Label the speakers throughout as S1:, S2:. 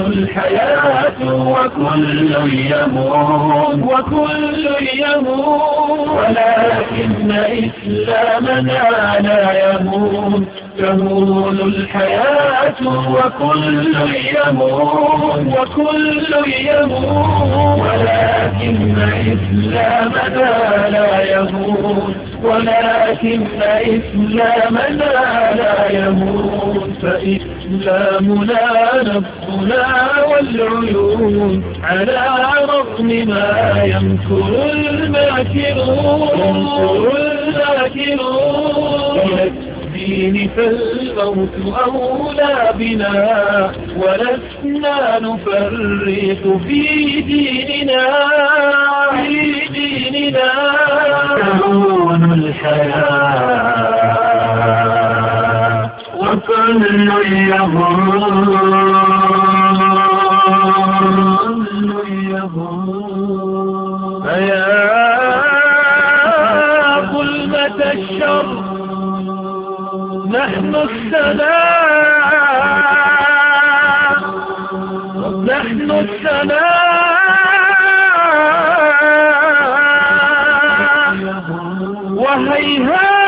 S1: الحياة وكل يموت وكل يموت ولكن إسلامنا لا يموت تهول الحياة وكل يموت وكل يموت ولكن إسلامنا لا يموت ولكن
S2: إسلامنا لا يموت فإن الأفلام
S1: لا والعيون على رغم ما يمكر الماكرون يمكر الماكرون الدين فالموت أولى بنا
S2: ولسنا نفرق في ديننا في ديننا تكون
S1: الحياة فضل يهون ظلمة الشر نحن السلام نحن السلام وهيهات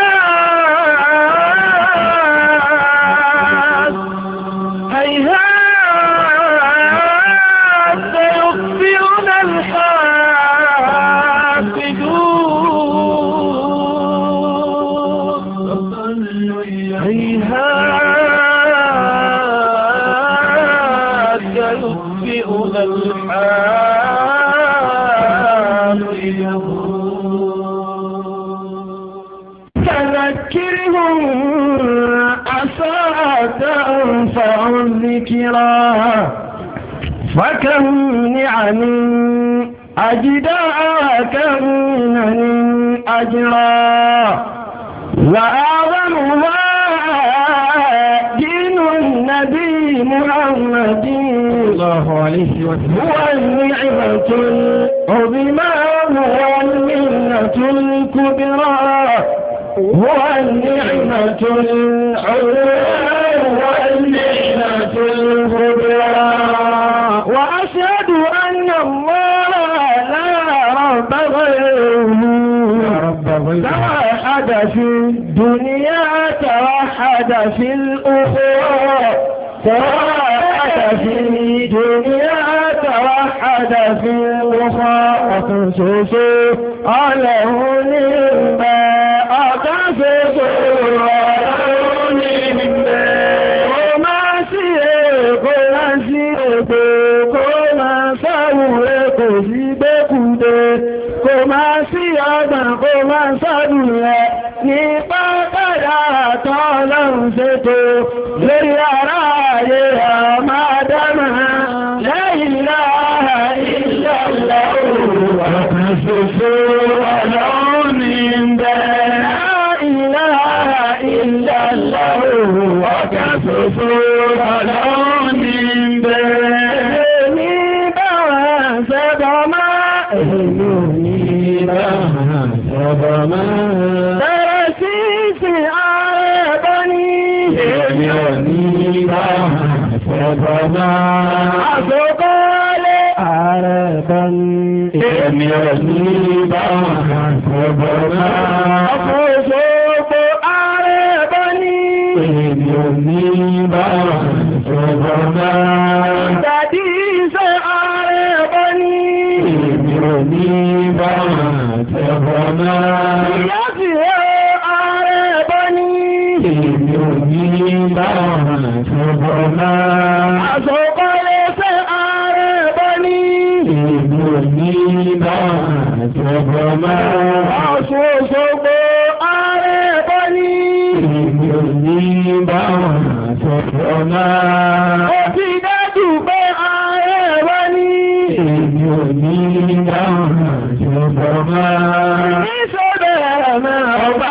S2: فكم نعم أجدا كم من أجرا وأعظم ما
S1: دين النبي محمد الله عليه وسلم هو النعمة العظمى
S2: هو المنة الكبرى هو النعمة
S1: العظمى
S2: دنيا توحد في الأخرى
S1: توحد في
S2: دنيا توحد في الأخرى
S1: وتنسوسوا على هنيه
S2: تو للعراء يا لا إله إلا الله
S1: وقفوا ولون لا إله إلا الله وقفوا ìbáfẹ́fọ́nà. Àgbọ̀kọ́lé. Ààrẹ kan. Èmi rẹ̀ ní ìbáfẹ́fọ́nà. Ọkọ̀ òṣogbo ààrẹ bá ní. Èmi báwọn ṣùgbọ́n náà. àṣọkọ́ lè fẹ́ ààrẹ bọ́ ní. ìlú ní báwọn ṣùgbọ́n náà. ọ̀ṣun Òṣogbo ààrẹ bọ́ ní. ìlú ní báwọn ṣùgbọ́n náà. ó ti dájú pé ààrẹ bọ́ ní. ìlú ní báwọn ṣùgbọ́n náà. ìṣòro ẹ̀rọ náà ọba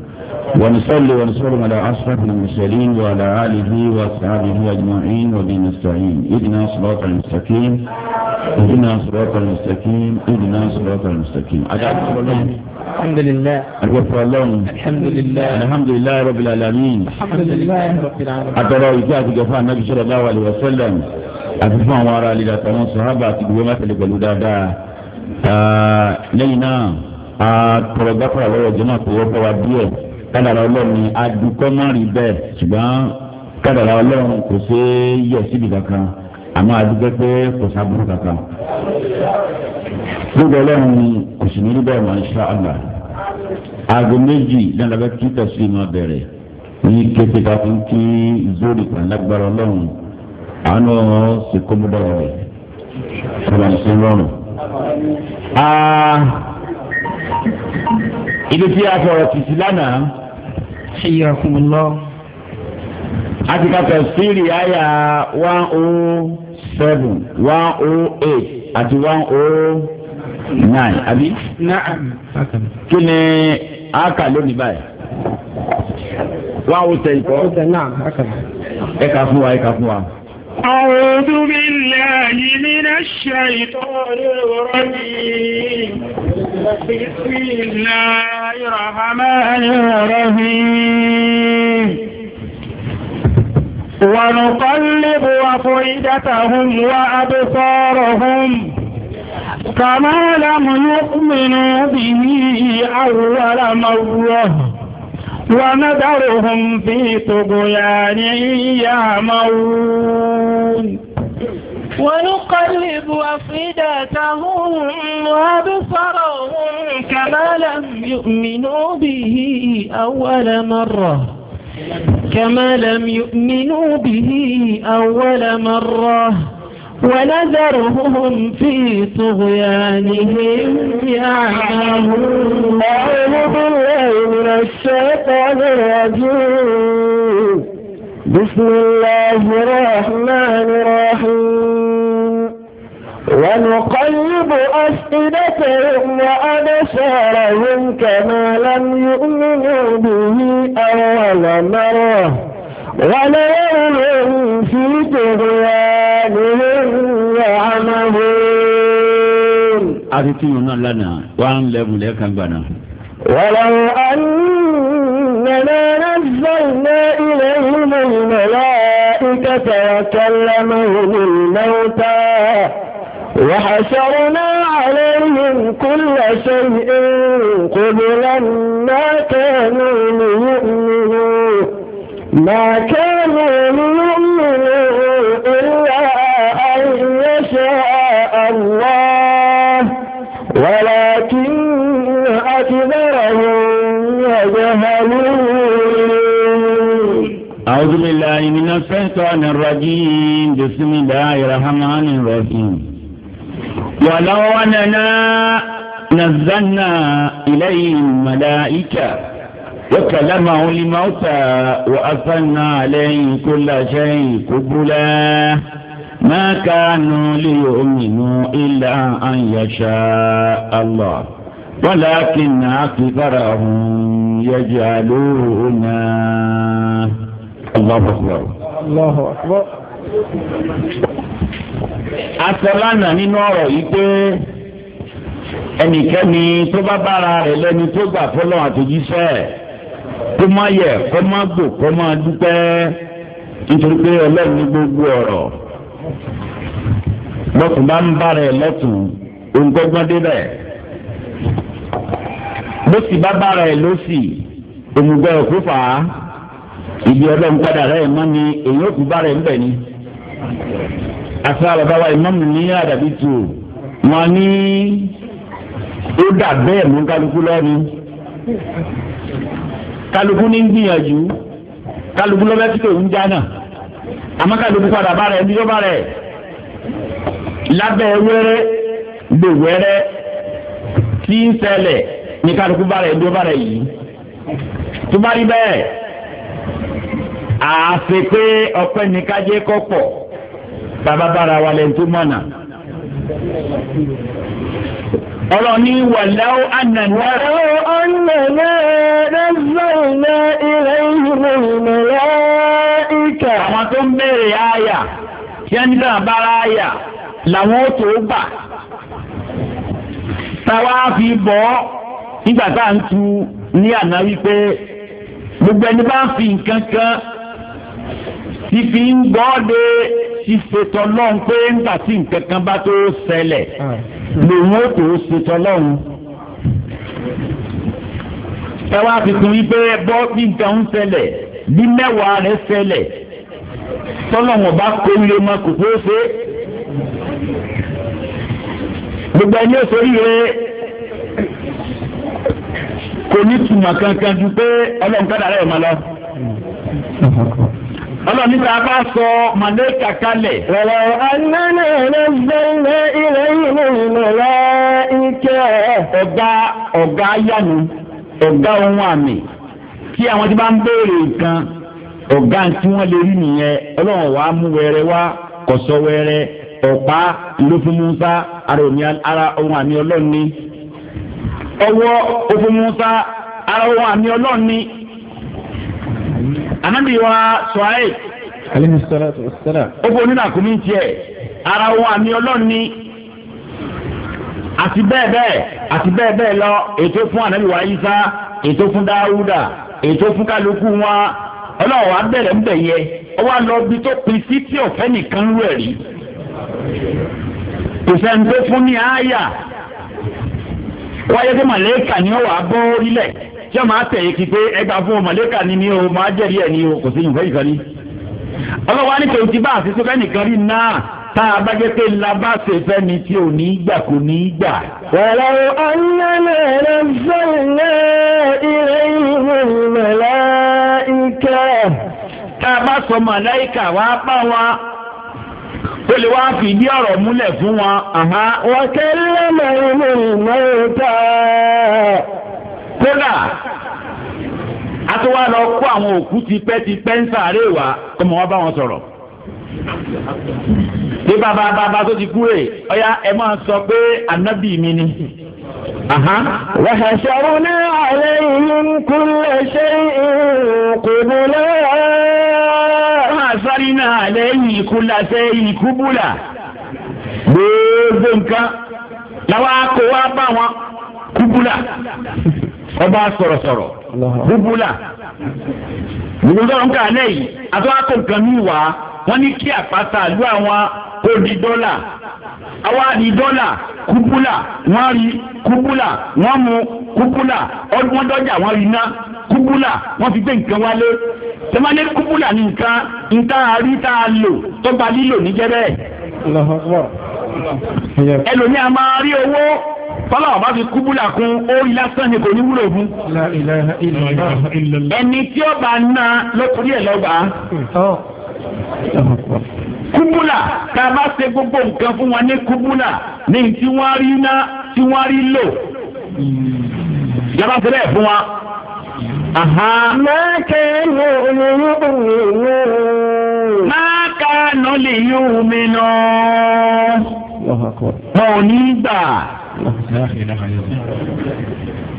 S2: ونصلي ونسلم على أشرف المرسلين وعلى آله وأصحابه أجمعين وبنستعين اهدنا صراط المستقيم اهدنا صراط المستقيم اهدنا صراط المستقيم
S1: الحمد لله
S2: الوفر اللهم الحمد لله الحمد لله رب العالمين الحمد
S1: لله رب العالمين أترى
S2: إجاز جفاء النبي صلى الله عليه وسلم أتفهم وراء لله تمام صحابة تقوى مثل قلوا دادا لينا أترى دفع ويجمع قوة وديه kádàrà ọlọ́run ni adúkọ́ má rí bẹ́ẹ̀ ṣùgbọ́n kádàrà ọlọ́run kò ṣe é yẹ̀ síbi kankan àmọ́ adúgbẹ́ pé kò sábúrú kankan. gbogbo ọlọ́run kò sì ní rí bẹ́ẹ̀ mọ́ insha Allah. aago méjì lẹ́nàbẹ́ kí tẹ̀sí máa bẹ̀rẹ̀ ní kété ká fún kí zori kan lágbára ọlọ́run àánú sì kó mú bẹ́ẹ̀ rẹ̀ kọ́lá ń sọ lọ́rùn ah, ibi tí a fọ̀rọ̀ títí lánàá Hayyakumullah. àti ká tafsiri àyà one oh seven one oh eight àti one oh nine àbí. Na'am. kí ni a kà lónìí báyìí one oh ten kọ́.
S1: Oh ẹ kà fún wa ẹ kà fún wa. أعوذ بالله من
S2: الشيطان الرجيم بسم الله الرحمن الرحيم ونقلب أفئدتهم وأبصارهم كما لم يؤمنوا به أول مرة ونذرهم في طغيان يعمرون ونقلب
S1: أفئدتهم وأبصارهم كما لم يؤمنوا به أول مرة كما لم يؤمنوا به أول مرة ونذرهم في طغيانهم يعمهون أعوذ بالله من الشيطان الرجيم بسم الله الرحمن الرحيم
S2: ونقلب أفئدتهم وأبصارهم
S1: كما لم يؤمنوا به أول مرة ونذرهم في طغيانهم يعمهون.
S2: àti tí yóò لك lánàá
S1: ولو أننا نزلنا إليهم الملائكة وكلمهم الموتى وحشرنا عليهم كل شيء قبلا ما كانوا ليؤمنوا ما كانوا
S2: أعوذ بالله من الشيطان الرجيم بسم الله الرحمن الرحيم ولو أننا نزلنا إليهم ملائكة وكلمه الموتى وأثرنا عليه كل شيء قبلا ما كانوا ليؤمنوا إلا أن يشاء الله ولكن أكثرهم يجهلون الله أكبر
S1: الله أكبر
S2: asọ́lánà nínú ọ̀rọ̀ yìí pé tó bá bára rẹ̀ tó gbà fọlọ́ àtòjíṣẹ́ kó má yẹ kó má gbò kó má dúpẹ́ nítorí pé ọlọ́run ní gbogbo ọ̀rọ̀ bó sì bá bára ẹ̀ ló sì òmùgbọ́ ẹ̀ kó fà á ìdí ọlọ́run padà rẹ̀ mọ́ ni èyí ó kú bára ẹ̀ ńbẹ̀ ni. àṣà bàbá wa ìmọ̀mù ní àdàbí tù wọn ní ó dà bẹ́ẹ̀ mú kálukú lọ́nu kálukú ní gbìyànjú kálukú lọ́bẹ̀ tí lòún jáná àmọ́ kálukú padà bára ẹ̀ níjọba rẹ̀ lábẹ́ wẹ́rẹ́ lè wẹ́rẹ́ tí ń ṣẹlẹ̀ ní kálukú bá rẹ̀ dúró bá rẹ̀ yìí tó bá rí bẹ́ẹ̀ àfi pé ọpẹ́ ní kájé kọ́ pọ̀ bàbá bára wa lẹ́nu tó mọ̀nà. ọlọ́ni wàláwó ànàná. wàláwó ànàná lẹ́sọ̀nà ilẹ̀ ìhìnrìn ìmọ̀lá ìkà. àwọn tó ń béèrè àyà tí wọ́n ní sọ̀rọ̀ bára àyà làwọn ó tó gbà. táwa fi bọ́ ọ́ nígbà tá à ń tu ní àná wípé gbogbo ẹni bá ń fi nǹkan kan ti fi ń gbọ́ de ìṣètò lọ́hùn pé nígbà tí nǹkan kan bá tó ṣẹlẹ̀ lòun ó tó ṣètò lọ́hùn. ẹ wá fi kún wípé bọ́ bí nǹkan ń ṣẹlẹ̀ bí mẹ́wàá rẹ̀ ṣẹlẹ̀ tọ́lọ́wọ̀n bá kórìíre mọ́ kò tó ṣe. gbogbo ẹni ó sọ rí rẹ̀. kò ní tuma kankan ju pé ọlọ́run kádà rẹ̀ mọ́ lọ. ọlọ́run níta bá sọ màdé kalẹ̀. ọ̀rọ̀ anáná rẹ̀ bẹ́ẹ̀ ilẹ̀ ìlú ìmọ̀lá ike. ọ̀gá ọ̀gá ọ̀gá ohun àmì kí àwọn tí bá ń béèrè nǹkan ọ̀gá tí wọ́n lè rí nìyẹn ọlọ́run wàá mú wá kọ̀sọ́ ọ̀pá ara ohun àmì ọlọ́run ọwọ́ òfin musa ara ohun àmì ọlọ́run ni anabi wa suhaib òfin onínàkúnmí tiẹ̀ ara ohun àmì ọlọ́run ni àti bẹ́ẹ̀ bẹ́ẹ̀ àti bẹ́ẹ̀ bẹ́ẹ̀ lọ ètò fún isa ètò fún dáúdà ètò fún kálukú wọn ọlọ́run wa bẹ̀rẹ̀ ń bẹ̀ yẹ ọwọ́ tó pin sí tí ọ̀fẹ́ nìkan rí kò wáyé pé màlẹ́kà ni ó wà á bọ́ orílẹ̀ tí ó máa tẹ̀yẹ kí pé ẹgbà fún ọ màlẹ́kà ni ni o máa jẹ́rìí ẹ̀ ni o kò sí ìfẹ́ ìfẹ́ ni. ọlọ́wọ́ á ní tòun ti bá àṣìṣe fẹ́ nìkan rí náà tá a bá jẹ́ pé labáṣe fẹ́ ni tí ò ní gbà kò ní gbà.
S1: wàlá ọ̀nàmọ̀ rẹ̀ fẹ́lẹ̀ ilé ìwé màláìkà. tá
S2: a bá sọ màláìkà wàá bá wa tó lè wá fi ìdí ọ̀rọ̀ múlẹ̀ fún wọn. wọ́n kẹ́lẹ́ mẹ́rin mẹ́rin tá.
S1: kódà a tó wá lọ kó àwọn
S2: òkú ti pẹ́ ti pẹ́ ń sàárè wá ọmọ wọn bá wọn sọ̀rọ̀. bí bàbá bàbá tó ti kúrè ọ̀yá ẹ máa sọ pé ànábì mi ni. وحشرنا عليهم كل شيء قبلا járínà lẹ́yìn ìkúlasẹ́ ìkúbúlà gbogbo nǹkan làwọn akọ wa bá wọn kúbúlà ọba sọ̀rọ̀sọ̀rọ̀ búbúlà gbogbo nǹkan lẹ́yìn àti wọn akọ nǹkan mi wá wọn ní kí àpáta lu àwọn kó dọ́là àwa di dọ́là kúbúlà wọ́n rí kúbúlà wọ́n mu kúbúlà ọdún wọn dọ́jà wọ́n rí ná kúbúlà wọ́n fi gbé nǹkan wálé tẹ́mánẹ́ kúbúlà ní nǹkan nǹkan àárí tá a lò tó gba lílò níjẹ́ bẹ́ẹ̀. ẹlòmí a máa rí owó tọ́lá ọ̀bá fi kúbúlà kún orí lásán ni kò ní wúlò fún. ẹni tí ó bá na lókùrí ẹ̀ lọ́gbà oh. kúbúlà tá a bá ṣe gbogbo nǹkan fún wọn ní kúbúlà ní tí wọ́n rí ná tí wọ́n rí lò. ìjọba ṣe bẹ́ẹ̀ fún wa. ما كانوا ليؤمنوا ما كانوا ليؤمنوا الله أكبر مونيبا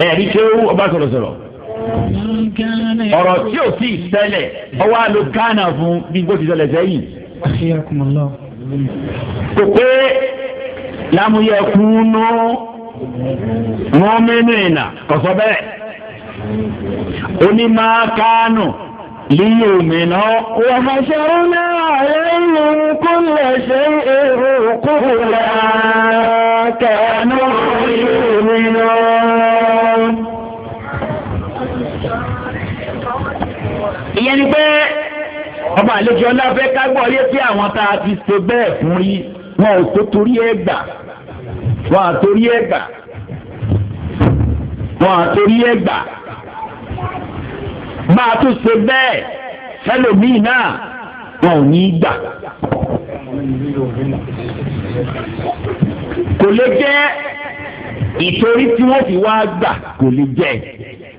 S2: ẹ̀rí tí ó ọba sọ̀rọ̀ sọ̀rọ̀ ọ̀rọ̀ tí ò sí ìṣẹ̀lẹ̀ ọwọ́ àlò kánà fún bí gbó ti ṣẹlẹ̀ sẹ́yìn. kò pé lámúyẹ kúnú mọ́mínú ìnà kọ̀sọ́ bẹ́ẹ̀ onímọ̀ọ́kánù líyè òmìnà.
S1: wàhásẹ̀rù náà lẹ́yìn kúlẹ̀ ṣe èrò kúlẹ̀ kẹ́ẹ̀nù líyè òmìnà. ìyẹn ni pé ọba àlejò ọlá fẹ́
S2: ká gbọ́ yé pé àwọn tá a ti ṣe bẹ́ẹ̀ fún rí wọn ò tó torí ẹ̀ gbà wọn àtorí ẹ̀ gbà wọn àtorí ẹ̀ gbà bá a tún ṣe bẹ́ẹ̀ sẹ́lòmíì náà wọn ò ní í gbà. kò lè jẹ́ ìtorí tí wọ́n fi wá gbà kò lè jẹ́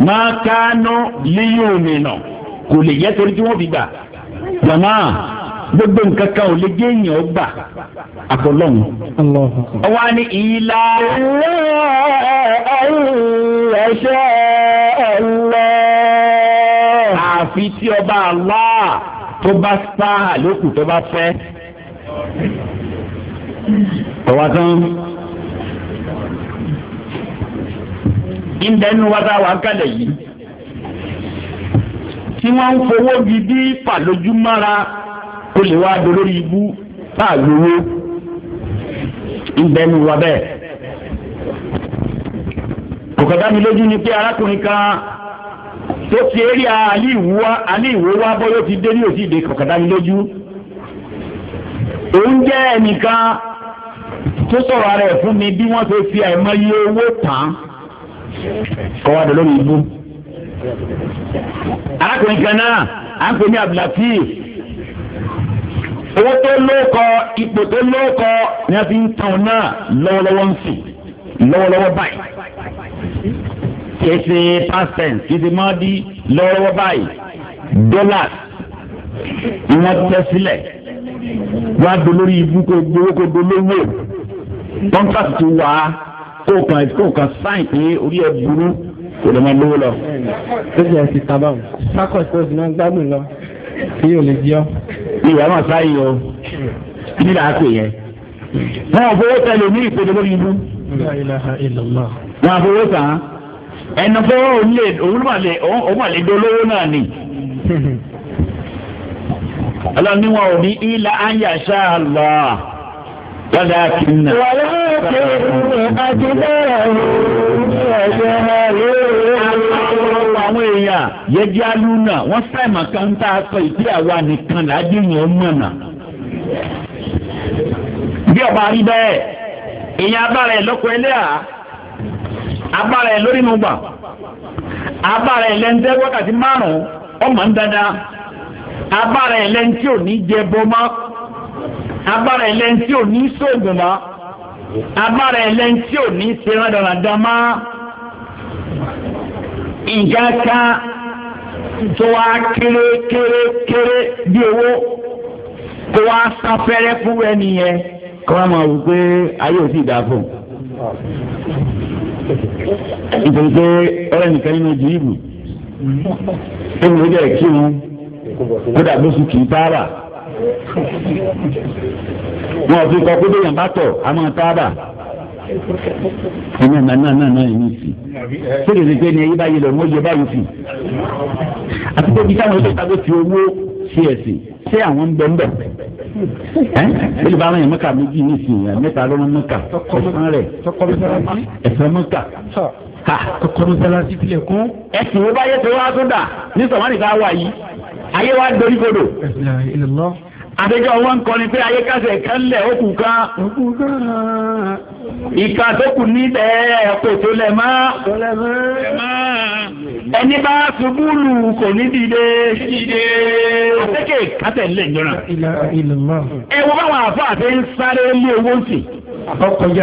S2: máa kánú léyìn òní nà kò lè jẹ́ torí tí wọ́n fi gbà. jàmá gbogbo nǹkan kan ò lè jẹ́ èèyàn gbà àkọlọ́hún. ọwọ́ ni ìlà. ìlà ẹ̀ṣẹ́ àfi tí ọba Allah tó bá sáà lókù tó bá fẹ́. ọ̀wá tán. ìbẹ̀ nu wáta wà kálẹ̀ yìí tí wọ́n ń fowó gidi fàlójúmọ́ra kó lè wá dolórí ibú fàlówó ìbẹ̀ nu wà bẹ́ẹ̀. kò mi lójú ni pé arákùnrin kan. tó ti eré aníwó wá bóyá ó ti dé ní òsì ìdè kọ̀kọ̀dánilójú òun jẹ́ ẹnìkan tó sọ̀rọ̀ ara fún mi bí wọ́n ṣe fi àìmọye owó tán kọ́ lórí ibú. arákùnrin kan náà à ń pè ní abdulatif owó tó lóko ipò tó lóko ni a fi ń tàn náà lọ́wọ́lọ́wọ́ ń sìn lọ́wọ́lọ́wọ́ kìí ṣe past tense kìí ṣe mọ́ọ́dí lọ́wọ́ báyìí dollars ni wọ́n tẹ́ sílẹ̀ wọ́n á dolórí ibú kó gbowó kó dolówó contract ti wà á kó kan kó kan sáìn pé orí ẹ burú kò lè máa lówó lọ.
S1: ó
S2: sì ẹ ti sábàmù sákòsí òsì náà gbádùn lọ kí yóò lè jẹ́ ọ́.
S1: ìyá máa sáyé
S2: o kí ni làá pè yẹn wọn ò fowó tẹlẹ ní ìpele lórí ibú. wọn ò fowó tàn án. ẹnu pé òun lè òun mà lè òun mà lè náà ni. ọlọ́ni wọn ò ní ilà ayàṣá lọ wọ́dà kìnnà. wàlá
S1: òkè àdìlẹ́ ọ̀gbẹ́
S2: àwọn èèyàn yẹjẹ alúnà wọn sàìmà kan tá a sọ ìdí àwa nìkan làájú bí ọba rí bẹ́ẹ̀ ìyẹn abára agbára ẹ̀ lórí inú gbà agbára ẹ̀ lẹ́ńtẹ́ wákàtí márùn-ún ọmọ ń dáadáa agbára ẹ̀ lẹ́ńtí ò ní jẹ bọ́ mọ́ agbára ẹ̀ lẹ́ńtí ò ní sóògùn mọ́ agbára ẹ̀ lẹ́ńtí ò ní ṣe rádaràdà tó wá kéré kéré kéré bí owó kó wá san fún ẹni yẹn máa wù pé ayé ò sì dáa fún un
S1: nítorí
S2: pé ọ̀rẹ́ nìkan nínú jìbù ebi ló jẹ́ kí wọn kódà bó sùn kì í tábà wọn ò fi kọ kó déyàn bá tọ̀ a máa tábà ẹ̀mí ẹ̀ma náà náà náà ẹ̀mí sí sódì sí pé ní ẹyí báyìí lọ wọ́n yẹ báyìí sí àti pé bí táwọn ọ̀dọ́ ìtàgé ti owó csc ṣé àwọn ń bẹ ń bẹ ẹ ẹni bá rìn mọ́kà méjì ní ìsìn yẹn mẹ́ta lọ́nà mọ́kà ẹ̀sán rẹ̀ ẹ̀sán mọ́kà kọ́kọ́ mọ́sálásí filẹ̀ kún. ẹ̀sìn wo bá yẹ tó wá tó dà ní sọ̀mọ́nì ká wà yìí ayé wa dorí kodò àtẹjọ́ wọn kọ ni pé ayé kásẹ̀ kan lẹ̀ ó kù kan ìka tó kù nílẹ̀ ẹ̀kọ́ tó lẹ̀ mọ́ ẹni bá ṣubúlù kò ní dìde àtẹ́kẹ̀ kásẹ̀ lẹ̀ jọra ẹ àti ń sáré lé owó sí àwọn tí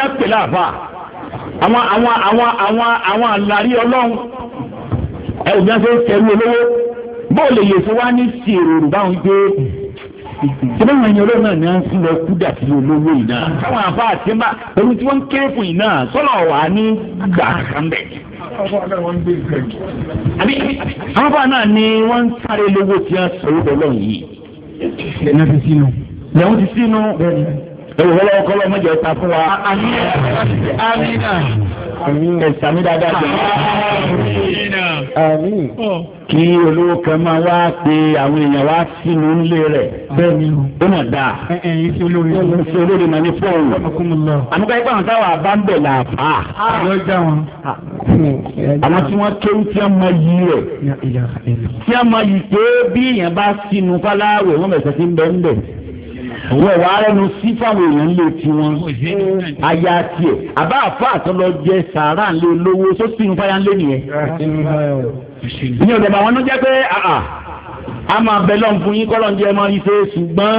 S2: a pè láàfa àwọn àwọn àwọn àwọn àwọn àlàrí ọlọ́run ẹ ò bí wọ́n ṣe ń tẹ̀lé olówó bóòlù èyí fún wa ní sí èrò rù báwọn gbé sẹ́fẹ̀ àwọn ẹni olóòrùn náà ni wọ́n ń sílẹ̀ kú dà sí olówó yìí náà káwọn àbá àti ẹ̀mbá pẹ̀lú tí wọ́n ń kéré fún yìí náà sọ́nà wà ní gbà kan bẹ̀. àbí àwọn bá náà ni wọ́n ń sáré lówó tí a sọ yóò lọ́ọ̀ yìí. ẹ̀yìn ti sínú. ẹ̀yìn ti sínú. ẹ̀wọ̀n kọ́lọ́ ẹ̀sàmì dáadáa jẹ́. àmín kí olówó kan máa wá pe àwọn èèyàn wá sínú nílé rẹ̀ ó mà dáa ṣe olórí mà ní fóònù àmúkà ẹgbẹ́ àwọn táwọn àbá ń bẹ̀ làbá àwọn
S1: tí wọ́n kéwú tí wọ́n máa
S2: yí rẹ̀ tí wọ́n máa yí pé bí èèyàn bá sínú fáláwẹ̀ wọ́n bẹ̀ sẹ́sìn bẹ́ẹ̀ ń bẹ̀ wọ́n wà á rẹnu sí fáwọn èèyàn lé tiwọn aya tiẹ̀ àbá àfa àtọ́lọ jẹ sàárà ńlẹ̀ lówó tó sì ń fáyà ńlẹ̀ nìyẹn. ní ọ̀dọ̀ bàwọn náà jẹ́ pé a máa bẹ lọ́n fún yín kọ́lọ́n jẹ́ máa yí ṣe ṣùgbọ́n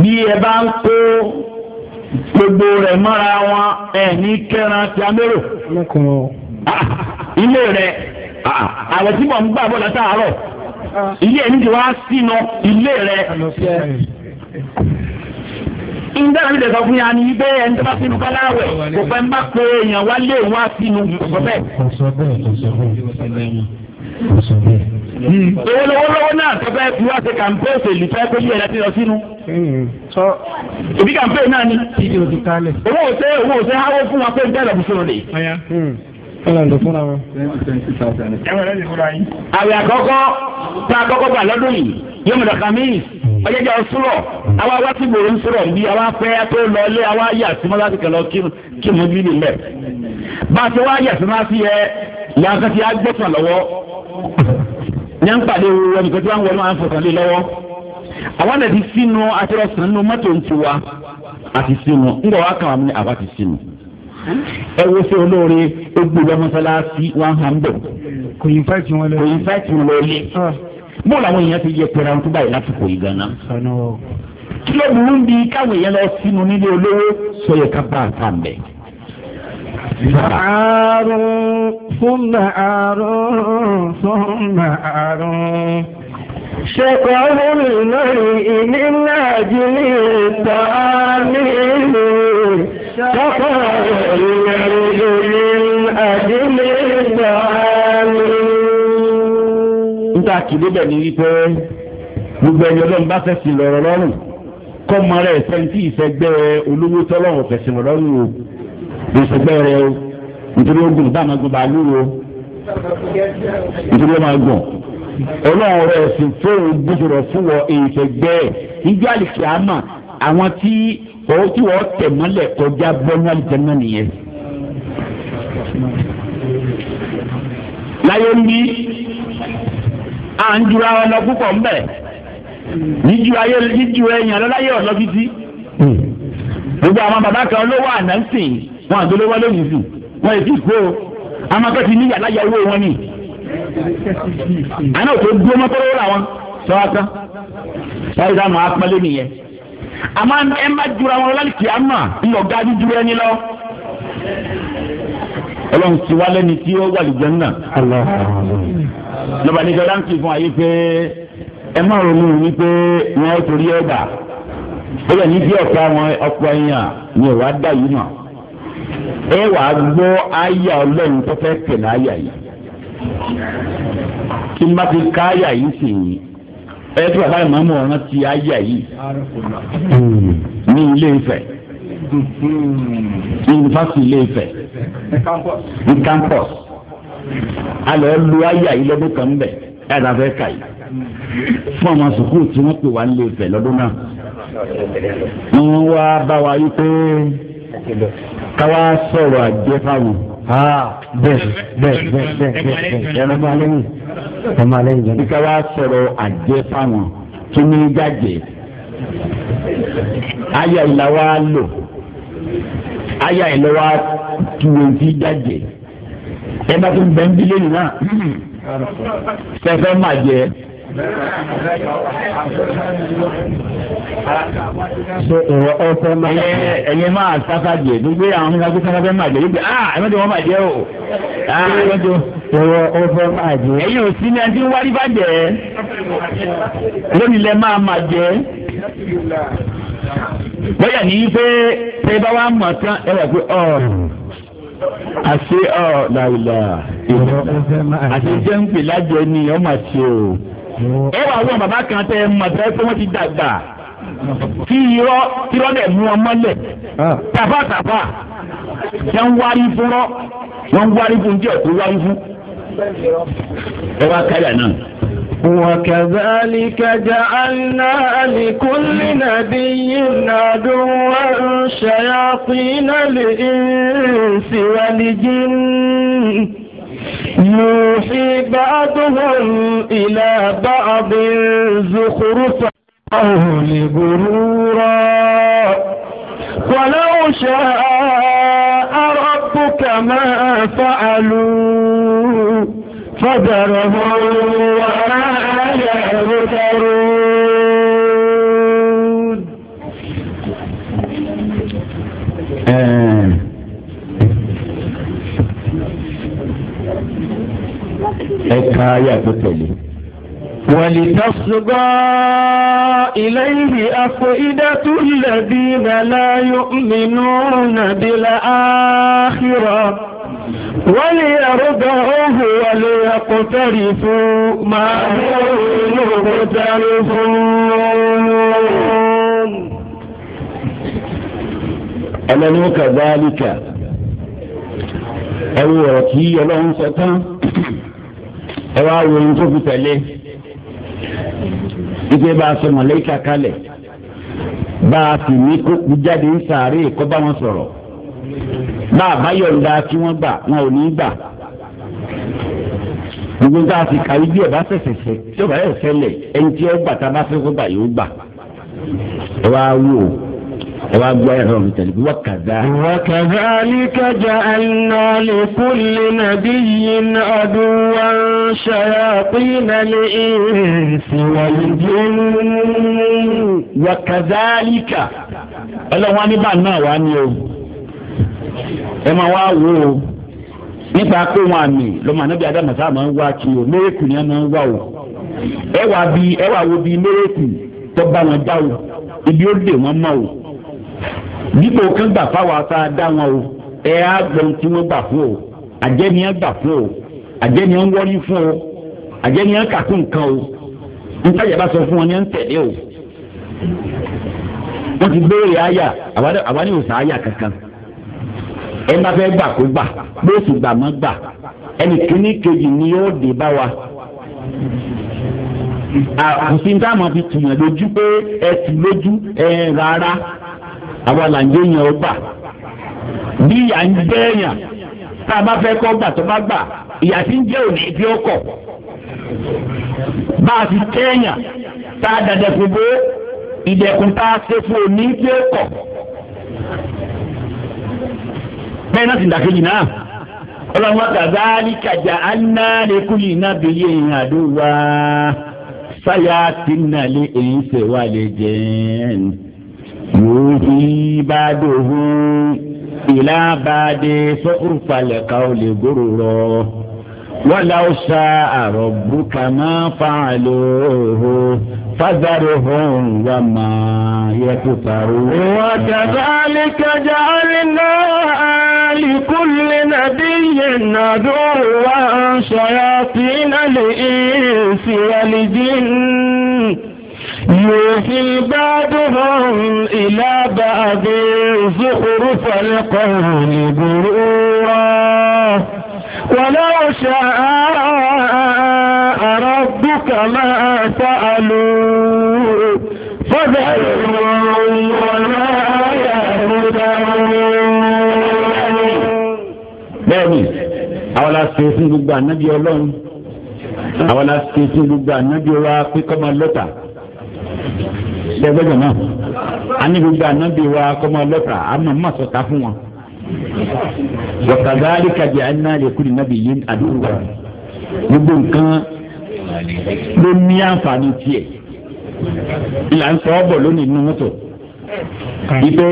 S2: bí ẹ bá ń kó gbogbo rẹ̀ mọ́ra wọn ẹ̀ ní kẹran ti amérò ilé rẹ̀ àwẹ̀ tí mò ń gbà bọ̀ látàárọ̀ ilé ẹni tí wàá sínú ilé rẹ̀ ìdá àbí lè sọ fún yà ni ibẹ̀ ẹni tó bá sínú kọ́láwẹ̀ kò fẹ́ ń bá pé èèyàn wá lé òun á sínú kò
S1: owó lọ́wọ́ lọ́wọ́ náà tó
S2: fẹ́ fi wá ṣe kàmpé òṣèlú tó kó yí ẹ̀dá ti lọ sínú. òbí hmm. kàmpé náà ni owó òṣè owó òṣè háwó fún wa pé ń bẹ́ẹ̀ lọ́bùsọ̀rọ̀ lè. àwẹ̀ àkọ́kọ́ tá a kọ́kọ́ gbà lọ́dún yìí yóò mọ̀tò kamis mm. ọjọ́jà ọ̀ṣúrọ̀ mm. àwa wá sí gbòòrò ńṣúrọ̀ ń bí àwa pẹ́ tó lọ ilé àwa yà sí láti kẹlọ kí mo bí nílẹ̀ bá a ti wá yà yẹ ti tí lé ti sínú àti nínú ń tiwa àti ẹ wo sí olóore ó gbé lọ mọ́sálásí wọn hàn bọ̀. kò yí fáìtì wọn lọ. kò yí fáìtì wọn lọ lé. Ah. bó làwọn èèyàn ti yẹ pẹ̀lú àwọn tó báyìí lásìkò yìí gan-an. kí ló burú ń bi káwọn èèyàn lọ sínú nílé olówó sọ ká bá àtà ń bẹ̀.
S1: Ààrùn fún ààrùn fún ààrùn. شكر المرء من أجل التعليم شفاعة المرء من أجل الدعام
S2: níta kìlé bẹ̀ ni wípé gbogbo ẹni ọlọ́run bá fẹ́sìn lọ́rọ̀ lọ́rùn kọ́ mọ rẹ̀ sẹ́ńtì ìfẹ́gbẹ́ olówó tọ́lọ́run fẹ̀sìn lọ́rùn o ìfẹ́gbẹ́ rẹ o nítorí ogun bá máa gun bàálù o
S1: nítorí ó máa gùn
S2: ọlọ́run rẹ̀ sì fóun gbósòrò fún wọ ìfẹ́gbẹ́ ìjọ àlìkè àmà àwọn tí òun tí wọ́n tẹ̀ mọ́lẹ̀ kọjá bọ́nú àlùjànnà nìyẹn. láyé ń bí à ń jura ọlọ púpọ̀ ń bẹ̀ jíju ayé jíju ẹ̀yàn lọ́láyé ọ̀lọ́ títí. gbogbo àwọn bàbá kan ló wà náà sìn wọn àti olówó lónìí sùn wọn èsì kú o àwọn akẹ́kọ̀ọ́ ti ní yàrá ya owó wọn ni. àná òtò dúró mọ́tò lọ́wọ́ làwọn sọ wá tán. báyìí táwọn apẹ́lẹ́ nìyẹn àmọ́ ẹ má jura wọn lálẹ́ kí á mà ńlọ ga ní jura ẹni lọ. ọlọ́run ti wá lẹ́ni tí ó wà lùjẹ́ náà. lọ́ba nígbà láǹkì fún ayé pé ẹ má ronú wípé wọn ó torí ẹ dà ó yẹ ní bí ọ̀pọ̀ àwọn ọ̀pọ̀ èèyàn ni ò wá dà yìí náà ẹ wà á gbọ́ àyà ọlọ́run tó fẹ́ tẹ̀lé àyà yìí tí má fi ká àyà yìí sì yìí ẹ tí bàbá ìmàmù ọ̀ràn ti ayé yìí
S1: ní ilé Ifẹ̀
S2: yunifásitì ilé Ifẹ̀ ní campus alọ lu ayé yìí lọ́dún kan bẹ̀ ẹ̀ dàbẹ́ kà yìí fún àwọn sùkúù tí wọ́n pè wá ń lé Ifẹ̀ lọ́dún náà wọ́n wá bá wa yí pé káwá sọ̀rọ̀ àjẹfà wọn bẹ́ẹ̀ bẹ́ẹ̀ bẹ́ẹ̀ bẹ́ẹ̀ ẹnlọmọ alẹyìn ẹnlọmọ alẹyìn bẹ́ẹ̀. kíkà wá sọ̀rọ̀ àjẹ fáwọn tó ní gàjẹ àyà ìlà wa lò àyà ìlà wa tuwèntì gàjẹ ẹ bá tó ń
S1: bẹ ń bí lẹ́yìn náà sẹfẹ má ṣe ìwọ ọfẹ máa. ẹyẹ ẹyẹ
S2: máa sáfàjẹ gbogbo àwọn ọmọ ìgbàgbé sáfàjẹ máa jẹ ah ẹ wọn bàjẹ́ o. ìwọ ọfẹ máa jẹ. Ah, ẹyin ah, ò sí ní ẹni tí ń wárí bàjẹ́
S1: lónìí lẹ máa máa jẹ bóyá
S2: ní pé pé bá wà mọ̀ tán ẹ wà pé làwùlà jẹ́ ń pè ni o. ẹ wà wọ bàbá kan tẹ màtẹ pé wọn ti dàgbà kí irọ́ irọ́ dẹ̀ mú wọn mọ́lẹ̀ ah. tàfà tàfà jẹ́ ń fún rọ́ wọ́n ń fún jẹ́ òkú wárí fún ẹ wá káyà náà. وكذلك جعلنا لكل نبي عدوا شياطين الإنس والجن يوحي بعضهم إلى بعض
S1: زخرف أو غرورا ولو شاء ربك ما فعلوا فذرهم وما يذكرون حكاية ayé
S2: ولتصغى إليه أفئدة الذين لا يؤمنون بالآخرة وليرضوه
S1: وليقترفوا ما هم مقترفون
S2: ألم كذلك أو ركي لهم ẹ wá wo ohun tó fi tẹ̀lé ike bá a sọ mọ̀lẹ́kà kalẹ̀ bá a sì ní kó jáde ń sàárè kó bá wọn sọ̀rọ̀ bá a bá yọ̀ǹda kí wọ́n gbà wọn ò ní gbà gbogbo tá a ti kàwé bí ẹ bá ṣẹ̀ṣẹ̀ ṣe tí ó bá yẹ ṣẹlẹ̀ ẹni tí ó gbà tá a bá fẹ́ kó gbà yóò gbà ẹ wá wò ó ẹwà gbọ́ ẹ̀rọ mi tẹ̀lé bí wọ́n kàdá. wa kadhalika ja'alna li kulli nabiyyin aduwwan shayatina al-insi wal jinn. wa kadhalika ọlọ́wọ́n aníbà náà wà ní o ẹ máa wá wò ó nípa pé wọn àmì lọ́mọ anábì adámasá máa ń wá kí o mérekù ni ẹ máa ń wá o ẹ wà wo bí mérekù tó bá wọn dá o ibi ó dè wọn mọ́ o dípò kan gbà fáwọn afá dá wọn o ẹ á gbọ́n tí wọ́n gbà fún o àjẹniyàn gbà fún o àjẹniyàn wọ́rí fún o àjẹniyàn kàkún nǹkan o ntajà bá sọ fún wọn ní ẹ̀ ń tẹ̀lé o wọ́n ti béèrè àyà àwa ní òsà àyà kankan ẹ bá fẹ́ gbà kó gbà bóòsù gbà má gbà ẹnì kíní kejì ni yóò dé bá wa àkùsí táwọn fi tìyàn lójú pé ẹ tì lójú ẹ rárá àwọn làǹjẹ́ yẹn ó gbà bí ìyà ń jẹ́ èèyàn tá a bá fẹ́ kọ́ gbà tó bá gbà ìyà tí ń jẹ́ òní tí ó kọ̀ bá a ti tẹ́ tá a dàdẹ̀ bó ìdẹ̀kùn tá a ṣe fún òní tí ó kọ̀ bẹ́ẹ̀ náà sì dàkejì náà ọlọ́run wa kadhalika ja'alna likulli nabiyyin aduwwa sayatina lil insi wal jinn. يوحي بعده إلى بعد زخرف القول غرورا ولو شاء ربك ما فعلوه
S1: فذرهم وما يكفرون وكذلك جعلنا لكل نبي عدوا
S2: شياطين الإنس والجن يوحي بعضهم إلى بعض زخرف
S1: القول غرورا ولو شاء ربك ما فعلوا فذرهم وما
S2: bẹ́ẹ̀ni àwọn la ṣe fún gbogbo ànábì Ọlọ́run àwọn la fún gbogbo ànábì ọlọ́run pé máa lọ́tà lẹ́gbẹ́jọ náà a ní gbogbo ànábì wa kọ́mọ lọ́tà àmọ́ má sọ̀tà fún wọn.
S1: wọ́tàgáàrí kàjẹ́
S2: àná lè kúrò nábì yín àdúgbò gbogbo nǹkan ló ní àǹfààní tiẹ̀ ìlà ń sọ ọ́ bọ̀ lónìí nínú mọ́tò ìpè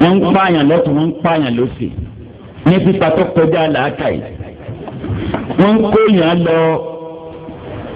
S2: wọ́n ń pààyàn lọ́tún wọ́n ń pààyàn lọ́sì ní pípa tó kọjá làákàyè wọ́n ń kó yàn lọ.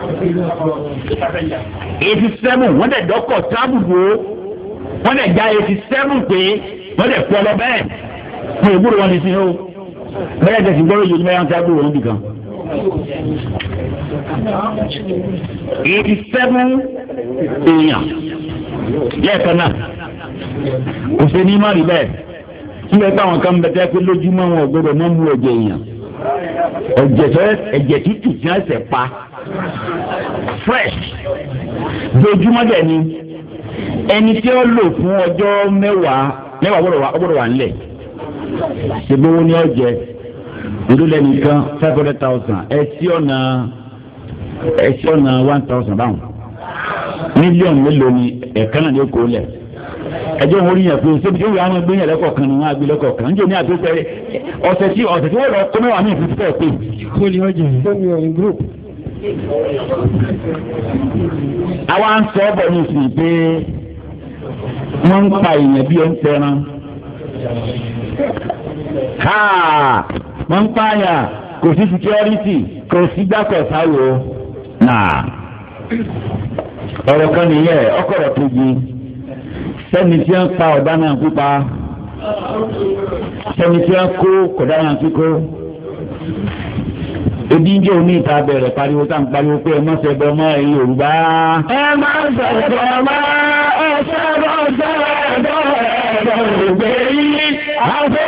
S2: eighty seven wọ́n dẹ̀ dọ́kọ̀ tábùdó wọ́n dẹ̀ já eighty seven pé wọ́n dẹ̀ pọ̀ lọ bẹ́ẹ̀ fún ìgbúrò wọn ti sin o bẹ́ẹ̀ tẹ̀sí gbọ́dọ̀ yóò ní bẹ́ẹ̀ ń tábùdó wọn nìkan.
S1: eighty seven
S2: èèyàn lẹ́ẹ̀kan náà kò sí ní má rí bẹ́ẹ̀ síbẹ̀ táwọn kan bẹ̀ tẹ́ pé lójúmọ́ wọn ò gbọ́dọ̀ mọ́ mú ẹ̀jẹ̀ èèyàn ẹ̀jẹ̀ tó ẹ̀jẹ̀ tútù tí wọ́n ṣẹ̀ pa fresh dojúmọ́ dẹ̀ ni ẹni tí ó lò fún ọjọ́ mẹ́wàá mẹ́wàá gbọ́dọ̀ wà nílẹ̀ ṣègbówó ni ọ̀jẹ̀ ndúlẹ̀nìkan five hundred thousand ẹtí ọ̀nà ẹtí ọ̀nà one thousand báwọn mílíọ̀nù mélòó ni ẹ̀ka náà ló kó lẹ̀. ẹjọ́ wọn rí yẹn pé ṣébi tí ó yà á máa gbé yẹn lẹ́kọ̀ọ̀kan ni wọ́n á gbé na níjẹ́ ní àtúntẹ̀ ọ̀sẹ̀ tí ọ̀sẹ̀ tí wọ́n lọ mẹ́wàá ní ìfúnfún fẹ́ẹ̀ pé. kólé ọjà yìí. àwa ń sọ ní ìsìn pé ń pa èèyàn bí ẹ̀ ń tẹran. wọ́n ń kò sí security kò sí sẹ́ni tí wọ́n pa ọ̀daràn pípa
S1: sẹ́ni tí wọ́n kó
S2: ọ̀daràn kíkó odíjẹ́ omi ìta bẹ̀rẹ̀ pariwo tá n pariwo pé ẹ mọ́sẹ̀ bẹ́ẹ̀ mọ́ ẹ̀yin Yorùbá. ẹ má sọ̀rọ̀ mọ́ ẹ sọ̀rọ̀ sọ̀rọ̀ ẹ̀dọ̀ ẹ̀dọ̀ ògbé yìí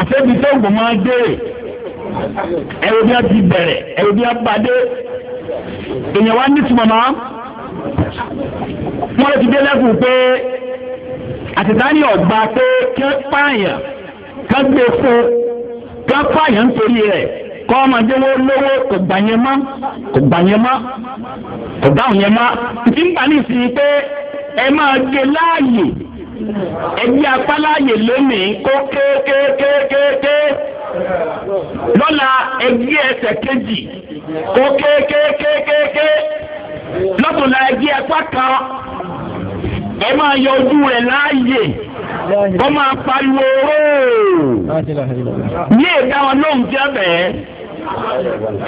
S2: àtẹ́bí tó gùn máa dé ẹ̀rọ bí a ti bẹ̀rẹ̀ ẹ̀rọ bí a pàdé èèyàn wá ní tùmọ̀ máa wọ́n lè ti dé lẹ́kùn pé àtìtáni ọ̀gbà pé kí wọ́n pààyàn kán gbé fún kí wọ́n pààyàn nítorí rẹ̀ kọ́ ọmọdé wo lówó kò gbà yẹn má kò gbà yẹn má kò dáhùn yẹn má ti ń bà ní ìsìn pé ẹ máa gé láàyè ẹ̀yí apáláyè lónìí kó kéékéékéékéé lọ́la ẹ̀yí ẹsẹ̀ kejì kó kéékéékéékéé lọ́tùnla ẹ̀yí apá kan ẹ máa yọ ojú rẹ̀ láàyè kó máa pariwo ní èdè àwọn lóhùn tí a bẹ̀ẹ́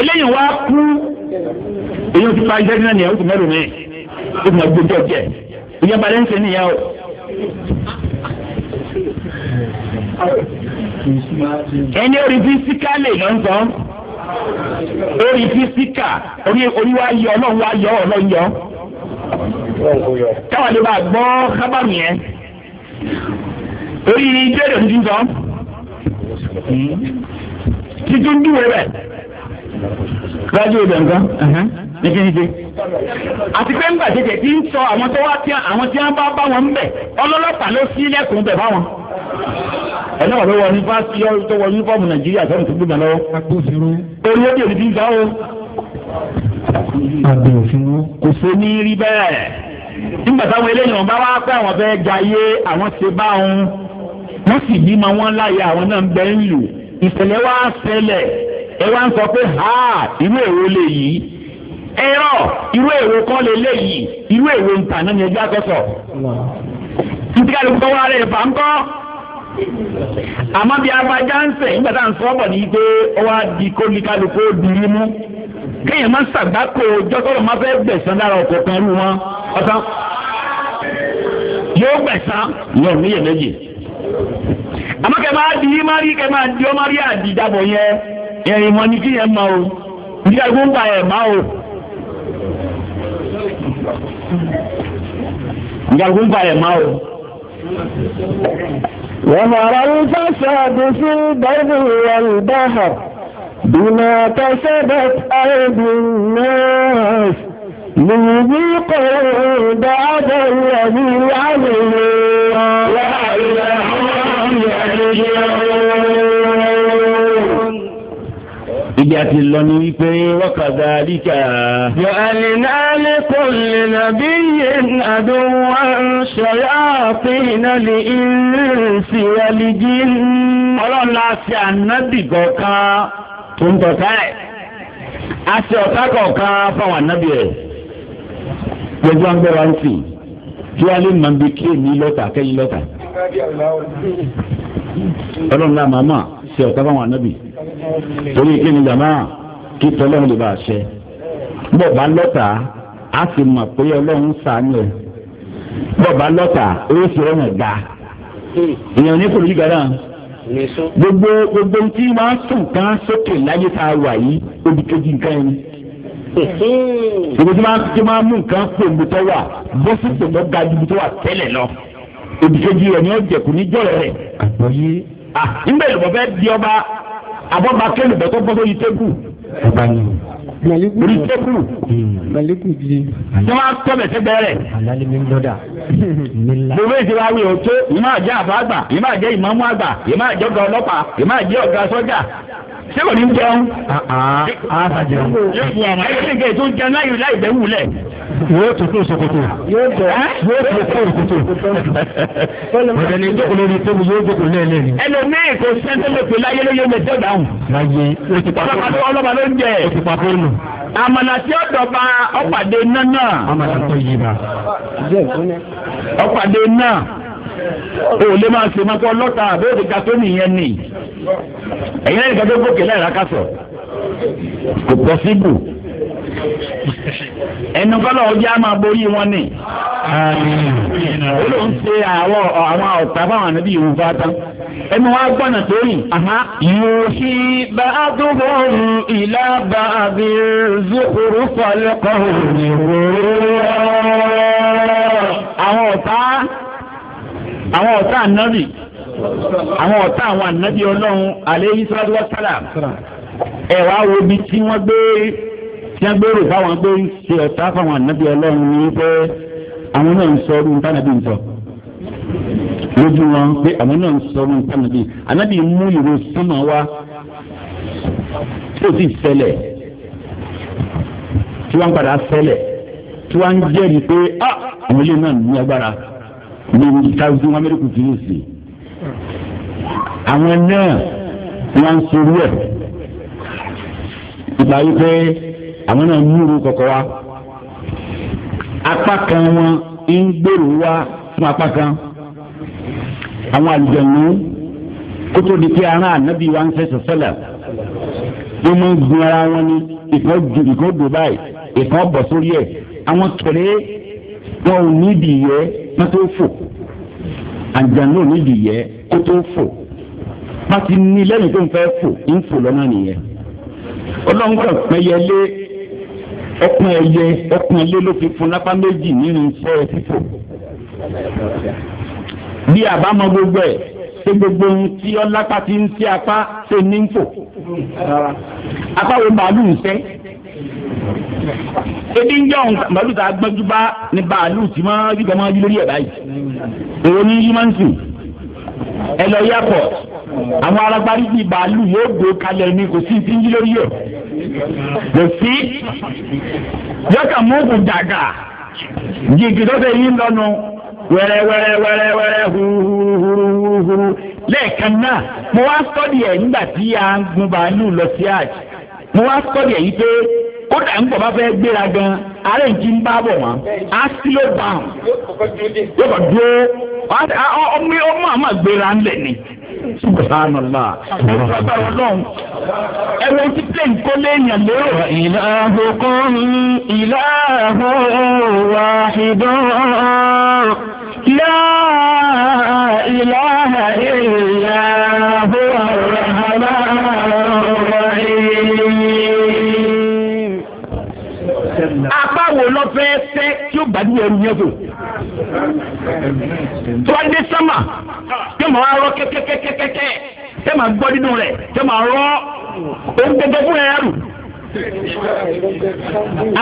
S2: eléyìí wá kú èyí ó ti pa iṣẹ́ nínú ẹ̀ ó ti mẹ́rin mi ó ti mọ̀ gbogbo jẹ́ ìyá balẹ̀ ń ṣe nìyẹn o ẹni orí fisika lè lọ sọ orí fisika orí wa yọ ọlọ́run wa yọ ọlọ́run yọ káwọn lè bá gbọ́ kábàmì yẹn orí ni ìbéèrè ń dín títún dúró rẹ̀ rájú ìbẹ̀ nǹkan nígbìníjẹ. àti pé ńgbà jẹjẹ tí ń sọ àwọn tó wá tí àwọn tí wọn bá bá wọn ń bẹ ọlọ́lọ́pàá ló sí lẹ́kùn bẹ̀ fáwọn. ẹ̀nà wà ló wọ ní fásitì ọ̀rọ̀ tó wọ yúnífọ́ọ̀mù nàìjíríà sọ́run tó gbìmọ̀ lọ́wọ́. agbófinró. orí ó dèrè bíi sáwọ́.
S1: agbófinró.
S2: kò sí ní rí bẹ́ẹ̀. nígbà táwọn eléyìí wọn bá wá pé àwọn fẹ́ jayé àwọn ti bá wọn wọ́n sì bímọ wọn láyé àwọn náà ń ń lù ìṣẹ̀lẹ̀ wá ṣẹlẹ̀ ẹ wá ń sọ pé ha ìwé èwo lè yìí ẹ̀rọ irú èwo kọ́ lè léyìí irú èwo ń tà náà ni ẹjọ́ akọ́sọ̀. ntíkàlù wa rẹ̀ fà ń kọ́. àmọ́ bí abajá ń sẹ̀ nígbà tá à ń sọ pé di kólíkálukú ó mú. kéèyàn máa ń sàgbákò jọ́sọ́rọ̀ máa fẹ́ gbẹ̀sán lára ọkọ̀ kan rú wọn ọ̀tán. yóò gbẹ̀sán lọ àmọ́ máa o ẹ̀ o.
S1: nǹkan balẹ̀ máa o.
S2: wàhálà ń fàṣàdù sí bẹ́ẹ̀ni ìwàlùbáhà bímọ tẹsẹ̀bẹ̀ ẹ̀ẹ́dùn náà
S1: lùmí kọ̀ọ̀rọ̀ dáadọ́ ìyàwó àwòrán. wàhálà ń fàṣàdù sí bẹ́ẹ̀ni ìwàlùbáhà.
S2: ibi àti lọ ni wípé wọ́kàdà líkà. yọ àlìná lẹ́kọ̀ọ́ lè nàbí yẹn àdúrà ṣọ̀yà àfihàn lè ìrìnsì àlìjì. ọlọ́run la ṣe ànábì kọ̀ọ̀kan tó ń tọ́ka ẹ̀. a ṣe ọ̀tá kọ̀ọ̀kan fáwọn ànábì ẹ̀. gbogbo agbára ń sìn kí wàá lè máa bí kéèmí lọ́tà kẹ́yìn lọ́tà. ọlọ́run la màmá ṣe ọ̀tá fáwọn anábì torí kí ni jàmá kí tọ́lọ́run lè bá a ṣẹ bó bá lọ́tà á sì mọ̀ pé ọlọ́run sàánú ẹ̀ bó bá lọ́tà ó sì rọ̀nà gbà ìyẹn ní kòlójú gàdá gbogbo gbogbo tí wọn sùn kan sókè láyé tá a wà yìí obì kejì nǹkan yẹn gbogbo tí wọn tí wọn mú nǹkan pè ń butọ wà bó sì pè ń bọ ga ju butọ wà tẹ́lẹ̀ lọ obì kejì rẹ ni ó jẹkù níjọ rẹ. àgbọ̀yé ah, nígbà èlùbọ́ fẹ́ di ọba àbọ̀bà kélùbọ́ tó gbọ́ sórí tébù
S1: mẹ̀líkù orí tẹ́kùrù. mẹ̀líkù di.
S2: tí wọ́n á tọ́ bẹ̀ sẹ́gbẹ́ rẹ̀.
S1: àlálẹ́ mi ń lọ́dà. gbogbo èsì wa wí
S2: òótọ́ ìmá jẹ́ àbá àgbà ìmá jẹ́ ìmọ̀mú àgbà ìmá jẹ́ ọ̀gá ọlọ́pàá ìmá jẹ́ ọ̀gá sọ́jà ṣé kò ní jẹun. Ah, ah, ah, a jẹun. yóò fún wa ma ẹ ṣe kẹ́ tó jẹun láyò láì bẹ́ wulẹ̀ yóò tó kúrò sokoto yóò tó kúrò sokoto ọ̀dẹ̀ ni
S1: jókòó lórí tóbi yóò jókòó lẹ́ẹ̀lẹ́
S2: ni. ẹlòmíì kò sẹ́ńtẹ́lẹ̀ pé láyé ló yẹ o ti pa fóònù ọlọ́ba ló ń jẹ. o ti pa fóònù nù. àmàlà tí ó dọ̀ba ọ̀pàdé iná náà. àmàlà tó yí ba. ọ̀pàdé iná o lè máa ṣe máa kọ́ lọ́ta àbẹ́òdì ga tó nìyẹn nì. ẹ̀yin lẹ́yìn kan tó gbókè láì rákàsọ̀ kò pọ̀ síbù ẹnu kọ́lọ̀ ọjọ́ a máa borí wọn ni. ó ń ṣe àwọn ọ̀tá fáwọn ànábì ìwò fata. ẹnu wa gbọ́nà tó rìn. yòòhì bá a tó bọ̀rù ìlà bá a bí zukuru falẹ́kọ̀ òwúrọ̀. àwọn ọ̀tá àwọn ọ̀tá ànábì àwọn ọ̀tá àwọn ànábì ọlọ́run àlẹ́ yìí sọ́dọ̀ sálà ẹ̀ wá wo ibi tí wọ́n gbé tí a gbèrò fáwọn pé ń ṣe ọ̀tá fáwọn ànábì ọlọ́run ní pé àwọn náà ń sọ ọdún tánàbí ń sọ lójú wọn pé àwọn náà ń sọ ọdún tánàbí ànábì mú ìró sánmà wá tí ó ti ṣẹlẹ̀ tí wọ́n padà ṣẹlẹ̀ tí wọ́n jẹ́rìí pé ah! àwọn ilé náà ní agbára ní thousand amẹ́ríkù tí àwọn náà wọ́n ń sorú ẹ̀ ìgbà yìí pé àwọn náà ń múru kọ̀kọ̀ wa apá kan wọn ń gbèrò wa fún apá kan àwọn àlùjẹ̀nu kótó di pé ara ànábì wa ń fẹsẹ̀ sọ́là wọ́n máa ń gun ara wọn ní ìkan ju ìkan dò báyìí bọ̀ sórí ẹ̀ àwọn kẹ̀lé wọn ò nídìí yẹ wọ́n tó fò àlùjẹ̀nu ò nídìí yẹ kó tó fò wọ́n ti ní lẹ́yìn tó ń fẹ́ fò ń fò lọ́nà nìyẹn ọlọ́nkàn pẹ́yẹlé ọkùn ẹyẹ ọkùn ilé ló fi fún lápá méjì nínú iṣẹ́ fífò bí àbámọ̀ gbogbo ẹ̀ ṣe gbogbo ohun tí ọlápá ti ń tí apá ṣe ní ń fò apá wo màálù ń fẹ́ ebi ń jẹun màálù tá a gbọ́njú bá ní bàálù tí wọ́n yí lórí ẹ̀ báyìí èrò ní yí
S1: ẹ lọ airport àwọn
S2: alágbárí bíi bàálù yóò gbó kalẹ̀ ní kò sí ti ń yí lórí yọ kò sí yọkà mọ́ọ̀kù dàgà jìgì tó fẹ́ yín lọ́nu wẹ́rẹ́ wẹ́rẹ́ wẹ́rẹ́ wẹ́rẹ́ huruhuruhuruhuru lẹ́ẹ̀kan náà mo wá sọ́ọ̀dì ẹ̀ nígbà tí a ń gun bàálù lọ sí àjì mo wá sọ́ọ̀dì ẹ̀ pé. kódà ń bọ̀bá fẹ́ gbéra gan ààrẹ ń jí ń bá bọ̀ wọ́n á sílò báwọn yóò kọ̀ dúró ọmọ ọmọ gbéra ńlẹ̀ ni
S1: subhanallah ìfọ̀sọ́gbà
S2: ọlọ́run ẹ̀rọ ti pé nǹkan léèyàn lérò. ìlàhùn kan
S1: ìlàhùn wàhídán la ilaha illa
S2: wo lọ fẹ́ fẹ́ tí ó gbàdú ẹrù yẹn
S1: fò. tó wá dé
S2: sámà tí rọ kẹ́kẹ́kẹ́kẹ́kẹ́ tí màá gbọ́ nínú rẹ̀ tí màá rọ òun gẹ́gẹ́ fún ẹrù.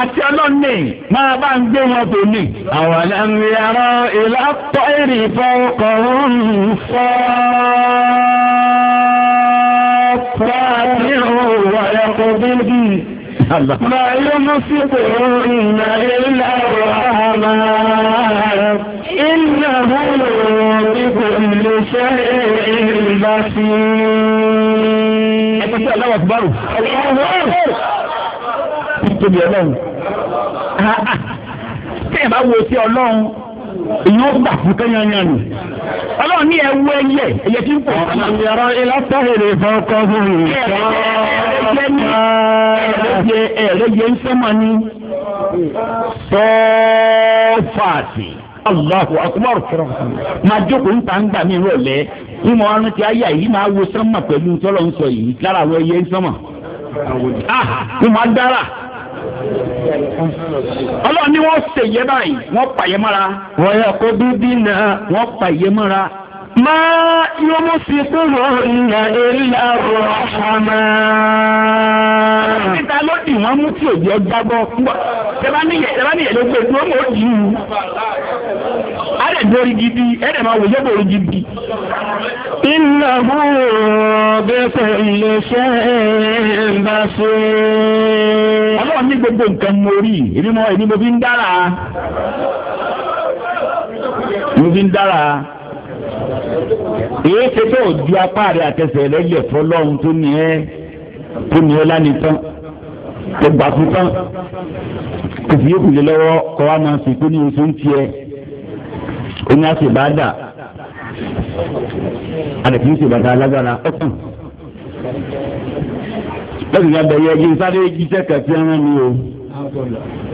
S2: Àti ọlọ́ni máa bá ń gbé wọn tó ní. Àwọn àlàmì ara ìlàpọ̀ èrè ìfọwọ́kọ̀ọ́rùn fọ́. Fọ́
S1: àti òun wà bíbí. ما يمسك إلا الرحمن إنه بكل شيء بصير.
S2: الله أكبر الله أكبر. tóbi ọlọ́run. Tẹ́ẹ̀ bá wo sí ọlọ́run. èyí ó gbà fún kẹ́yányá ni. ọlọ́run ní ẹwú ẹyẹ ẹyẹ tí ń pọ̀. yàrá ilá tẹ́lẹ̀ fọ́kọ́ fún mi. ẹ̀rẹ́jẹ ẹ̀rẹ́jẹ ń sọ́mọ ní. sọ́ọ́fàtì. Allahu akbar máa jókòó ń ta ń gbà mí rọ̀lẹ́ ní mo rántí ayé wo pẹ̀lú tọ́lọ́ ń sọ yìí lára àwọn ẹyẹ ń ah, máa dára. ọlọ́run ni wọ́n ṣèyẹ báyìí wọ́n pàyẹ mọ́ra. wọ́n yà kó bíbí náà wọ́n pàyẹ mọ́ra. Ma, ما يمسكهن إلا الرحمن ta ló dì wọ́n mú tí òjò jábọ́ púpọ̀ tẹ́bá níyẹ̀ tẹ́bá níyẹ̀ ló gbé tó mọ̀ jù ú ẹ̀rẹ̀ dórí gidi ẹ̀rẹ̀ máa wòye bòrí gidi. iná búrò bẹ́sẹ̀ ilé iṣẹ́ ń bá ṣe. ọlọ́run ní gbogbo nǹkan mo rí èmi mo fi ń dára mo fi ń dára èyí ṣe tó di apá rẹ àtẹsẹ̀ rẹ lẹ̀ fọlọ́run tó ní ẹ tó ní ẹ lánìí tán tó gbà fún tán kò sí yókù lé lọ́wọ́ kọ́ wa máa sìnkú ní oṣù ń tiẹ̀ ó ní àṣìbáàdà àdàkì ń ṣèbàdà alágbára ọ̀tàn lọ́sùn yàgbẹ́ yẹ kí n sáré jíṣẹ́ kẹ̀kẹ́ ẹran mi o